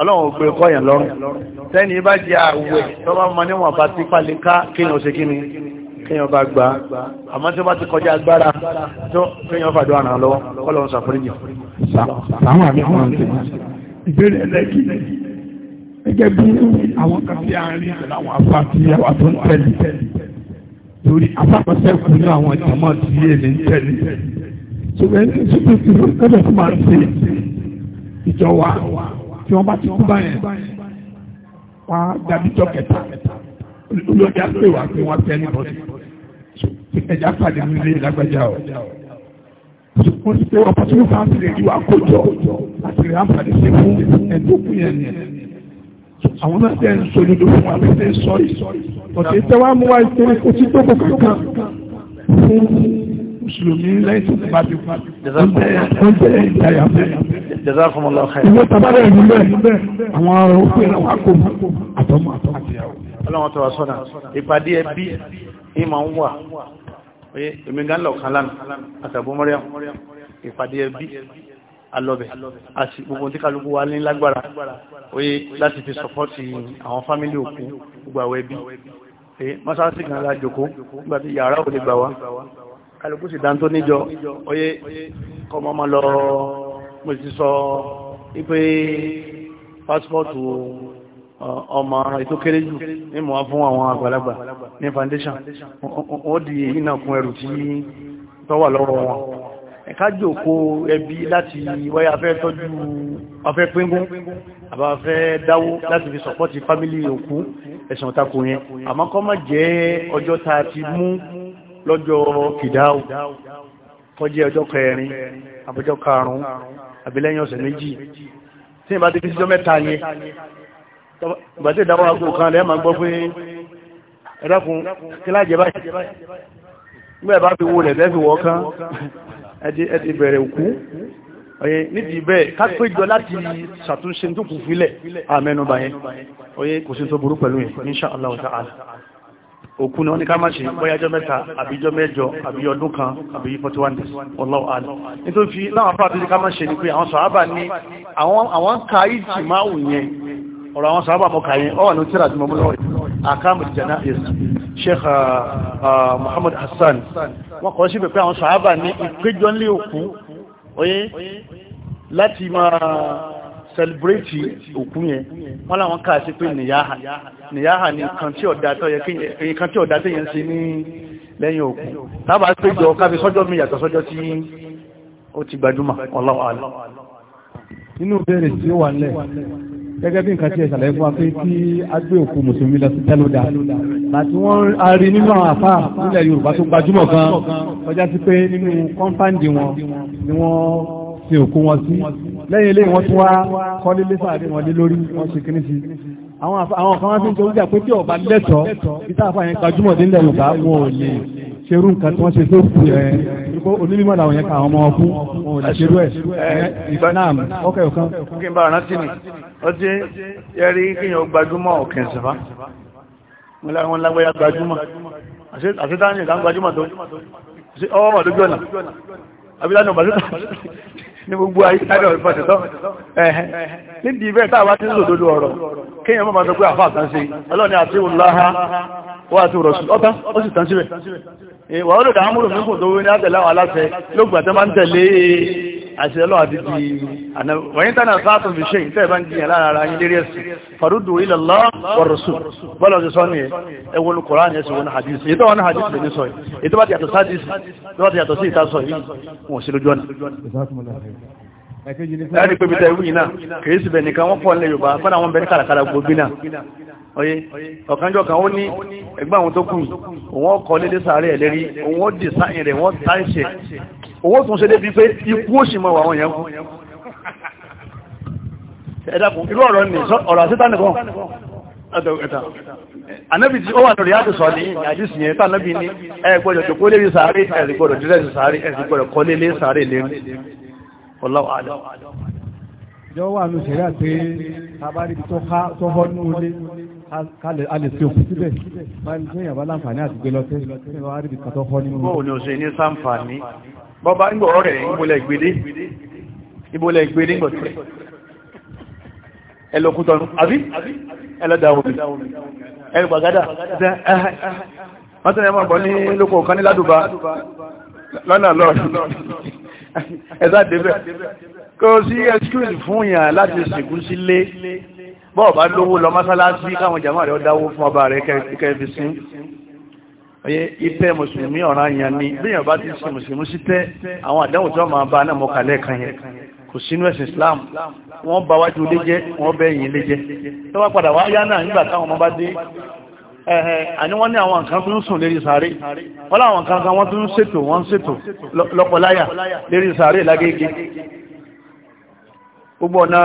ọlọ́run ògbé kọ́yàn lọ́rùn tẹ́ni bá jẹ àwẹ̀ tọ́bá mọ́ níwọ̀n bá típá lè ká ni kéèyàn bá gbà àmọ́ tí ó bá ti kọjá agbára tó kéèyàn fàdó àràn lọ́wọ́ kọ́lọ̀ ń sàfúrìjì. àwọn àmì ọmọ ọ̀sẹ̀ ìbéèrè ẹlẹ́gì gẹ́gẹ́ bí àwọn kan tí a ń rí ìṣẹ̀lẹ̀ àwọn afá tí àwọn tó ń tẹ̀lé lórí afákọ̀ọ́sẹ̀ kù wa tí wọ́n lọ́jà pè wá pé wọ́n tẹ́ níbọ̀ sí ẹ̀já pàdé nílé lágbájá o wọ́n ti pé ọ̀pọ̀tún fún àtìlẹ̀ ìlú àkójọ àtìlẹ̀ àǹfààní sí fún ẹ̀dókùn yẹn ni àwọn náà tẹ́ ń sọ lódò fún wa pé sọ́ọ̀rì ọ̀tẹ̀ tẹ́wàá mú wa ìṣẹ́lẹ̀ kó ti tó fún mùsùlùmí lẹ́yìn tó bá ti ó jẹ́ ìdáyà bẹ́ẹ̀. ìwé tabarẹ̀ ìlú bẹ́ẹ̀ àwọn ará ó pèrè wá kò mú àtọ́mọ́ àtọ́mọ́. ọlọ́run tó wá sọ́nà ìpàdé ẹbí ìmọ̀ ń wà oye èmi gan lọ kan lánàá àtàbó mọ́ríà ìpàdé ẹbí alọ́bẹ̀ àti gbogbo tí kálukú wa ní lágbára oye láti fi sọpọ́tì àwọn fámílì òkú gbogbo àwọn ẹbí mọ́sáàsì kan lájòkó nígbàtí yàrá ò lè gbà wá kálukú sì dáńtó níjọ oyé kọmọ ọmọ lọ mo sì sọ wípé pásítọ̀tù ọmọ ètò kéré jù ní mọ̀ fún àwọn àgbàlagbà ní foundation wọ́n di èyí náà kún ẹrù tí tọ́wà lọ́rọ̀ wọn ẹ̀ká jòkó ẹbí láti wáyé afẹ́ tọ́jú afẹ́ píngún àbá afẹ́ dáwó láti fi sọ̀pọ́tì fámílì òkú ẹ̀sùn ọ̀tàkù yẹn àmọ́ kọ́ má jẹ́ ọjọ́ ta ti mú lọ́jọ́ kìdáwù kọjí ọjọ́ kẹrin àbújọ́ karùn-ún àbílẹ́yìn ọ̀sẹ̀ méjì tí ìbá ti fi síjọ́ mẹ́ta yẹn ìbá tí ìdáwọ́ agbó kan lẹ́ẹ̀ máa gbọ́ pé ẹ̀dọ́kun kí láàjẹ́ báyìí nígbà bá fi wo rẹ̀ bẹ́ẹ̀ fi wọ́ kán ẹ ti bẹ̀rẹ̀ òkú oye nídìí bẹ́ẹ̀ kápéjọ láti ṣàtúnṣe tó kù fílẹ̀ àmẹ́nubà oye kò sí tó burú pẹ̀lú yẹn inṣàlá ta'ala òkú ni wọ́n ní ká má ṣe bọ́yájọ́ mẹ́ta àbíjọ́ mẹ́jọ àbí ọdún kan àbí 41 days wallahu a'lam nítorí fi láwọn afárá tó ní ká má ṣe ni pé àwọn sàhábà ní àwọn ka ìjì máa wù yẹn ọ̀rọ̀ àwọn sàhábà mọ́ kàyẹn ọwà ní tíra tí mo mú lọ́wọ́ ah, ah, muhammad hassan wọ́n kọ́ sí pé àwọn sàhábà ní ìpéjọ́ sẹlibireti òkú yẹn wọ́n láwọn káà sí pé nìyáhà nìyáhà ni nǹkan tí ọ̀dà tó yẹ kí nǹkan tí ọ̀dà tó yẹn sí ní lẹ́yìn òkú tábà pé jọ kábi sọ́jọ́ mi yàtọ̀ sọ́jọ́ tí ó ti gbajúmọ̀ Allahu a'lam nínú bẹ̀rẹ̀ tí ó wà nílẹ̀ gẹ́gẹ́ bí nǹkan tí ẹ ṣàlàyé fún wa pé tí a gbé òkú mùsùlùmí lẹ́yìn ilé wọn tún wá kọ́lé lẹ́sà àti wọn lé lórí wọn ṣe kíní sí àwọn kan wá sí ń jẹ́ oúnjẹ pé tí ọba lẹ́tọ̀ọ́ títà àfà yẹn gbajúmọ̀ nílẹ̀ Yorùbá wọn ò lè ṣerú nǹkan tí wọ́n ṣe tó kù ẹ̀ nípa onímọ̀ làwọn yẹn ka àwọn ọmọ ọkú wọn ò lè ṣerú ẹ̀ ìgbà náà ọkẹ́ ọ̀kan. kí n bá rántí mi ó ti yẹrí kíyàn gbajúmọ̀ ọ̀kẹ́ ìṣẹ̀fà wọn lágbẹ́yà gbajúmọ̀ àṣetáni ìdá gbajúmọ̀ tó ọwọ́ mọ̀ lójú ọ̀nà àbílá ní gbogbo ayé sáré ọ̀rẹ́ ẹ̀hẹ́ níbi ìbẹ̀rẹ̀ táà wá tí ń lò ọ̀rọ̀ kéèyàn máa sọ pé sí ọlọ́ni àti ìwòláha wà tí rọ̀ sí ó sì tán kò tó ní àti ọlọ́ àti ti wọ̀nyí tánà sáàtùn fi ṣe ìfẹ́ bá ń jiyàn lára ara yìí lérí ẹ̀sìn farúdù ila Allah wa rasul bọ́lá ọjọ́ sọ́ni ẹ̀ ẹwọ́n Kùránì ẹ̀sìn wọn hadith èyí tó wọn hadith lè ní sọ yìí èyí tó bá ti yàtọ̀ sáàtì tó bá ti yàtọ̀ sí ìta sọ yìí wọn sí lójú ọ̀nà láti pé bíta wọ́n pọ̀ nílẹ̀ ọ̀kanjọ́ kan ó ní ẹgbẹ́ àwọn tó kù òun ọkọ̀ lédè sàárẹ̀ ẹ̀lẹ́rí òun ó dì sáyìn wọ́n táìṣẹ̀ owó tún ṣe débi pé ikú òṣì mọ̀ àwọn èèyàn fún ẹ̀dàkùn irú ọ̀rọ̀ ní ọ̀rọ̀ àṣítà nìkan ẹ̀dàkùn tí ó wà lórí àti sọ ní àdísì yẹn tá anábì ní ẹgbọ́dọ̀ jòkó lérí sàárè ẹ̀rìgbọ́dọ̀ dírẹ́sì sàárè ẹ̀rìgbọ́dọ̀ kọ́ lé sàárè lérí ọláwà jọ wà ní ìṣẹ̀rẹ́ àti abáríbi tó họ́ ní olé kalẹ̀ alẹ̀ sí òkú síbẹ̀ báyìí tó yàn bá láǹfààní àti gbé lọ sí ẹ̀rọ àríbi tó họ́ nínú bọ́bá ń gbọ́ rẹ̀ ìbólẹ̀ ìgbèdé ìbólẹ̀ ìgbèdé ìgbọ̀tẹ̀ ẹlòkútọ̀nù àbí ẹlọ́dà omi ẹlùgbàgádà mọ́tún ẹmọ́ ọ̀gbọ́n ní lókò kan ní ládùbá lọ́nà lọ́rùn ẹ̀dá débẹ̀ kò sí excuse fún yàn láti sìnkú sílé bọ́ọ̀bá lówó lọ mọ́sálásí káwọn jàmáà rẹ̀ dáwó fún ọba rẹ̀ kẹfì sí ìtẹ́ mùsùlùmí ọ̀ràn yẹn ni bí yẹn bá ti ṣe mùsùlùmí sí tẹ́ àwọn àdáhùn tí máa bá náà mọ́kànlẹ̀ kan yẹn kò sínú ẹ̀sìn Islam wọ́n bá wájú ilé jẹ́ wọ́n bẹ́ yìí ilé jẹ́ tó wá padà wáyá náà nígbà táwọn ọmọ bá dé ẹ̀hẹ̀ àní wọ́n ní àwọn nǹkan tó ń sùn lérí sàárè wọ́n láwọn nǹkan kan wọ́n tó ń ṣètò wọ́n ń ṣètò lọ́pọ̀láyà lérí sàárè lágége gbogbo ọ̀nà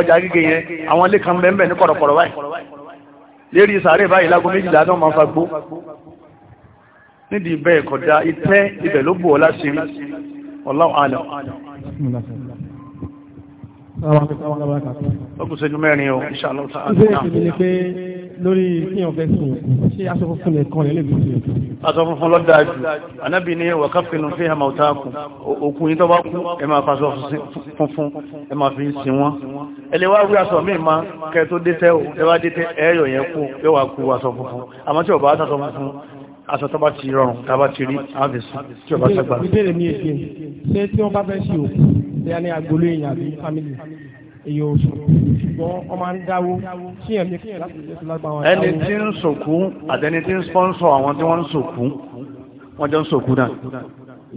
ọjà gígé yẹn àwọn ilé kan bẹ́ẹ̀ ní kọ̀rọ̀kọ̀rọ̀ báyìí lérí sàárè báyìí lágún méjìlá náà máa fagbó nídìí bẹ́ẹ̀ kọjá itẹ́ ibẹ̀ ló bù ọ láṣẹ Allahu a'lam. ọkùn sẹ́jú mẹ́rin o inshallah ta'ala. ṣé èsì ni pé lórí kíyàn fẹ́ sùn ṣé aṣọ funfun lè kàn lè lè fi aṣọ funfun lọ dáa jù anábì ní wà aṣọ tó bá ti rọrùn tàbá ti rí àfẹ́sì tí ó bá sẹ́gbà. ìbéèrè mi èké ṣé tí wọ́n bá fẹ́ sí òkú ṣé a ní agolo èèyàn àbí fámìlì èyí ò sùn ṣùgbọ́n wọ́n máa ń dáwó sí ẹ̀mí ẹni tí ń sòkú àtẹni tí ń sponsor àwọn tí wọ́n ń sòkú wọ́n jọ ń sòkú náà.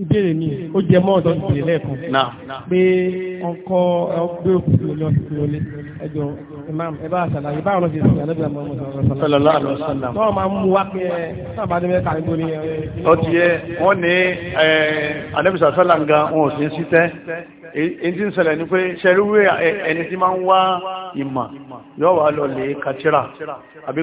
ìbéèrè mi ó jẹ mọ́ ọ̀dọ́ ìbéèrè lẹ́ẹ̀kan pé ọkọ̀ ọgbẹ́ òkú lọ́lẹ́ ẹjọ́ imam ẹ bá ṣàlàyé báwo ló ṣe sìn àmọ́ ọmọ sọlọ́lá àlọ́ sọlá. tọ́ ma mú wa pé sábà ní mẹ́ta níbo ni. ó ti yẹ wọ́n ní ànábì sàṣọ́là nga wọn ò sí sí tẹ́ èyí tí ń ṣẹlẹ̀ ni pé ṣẹ́rúwé ẹni tí máa ń wá ìmọ̀ yóò wá lọ lè kàtírà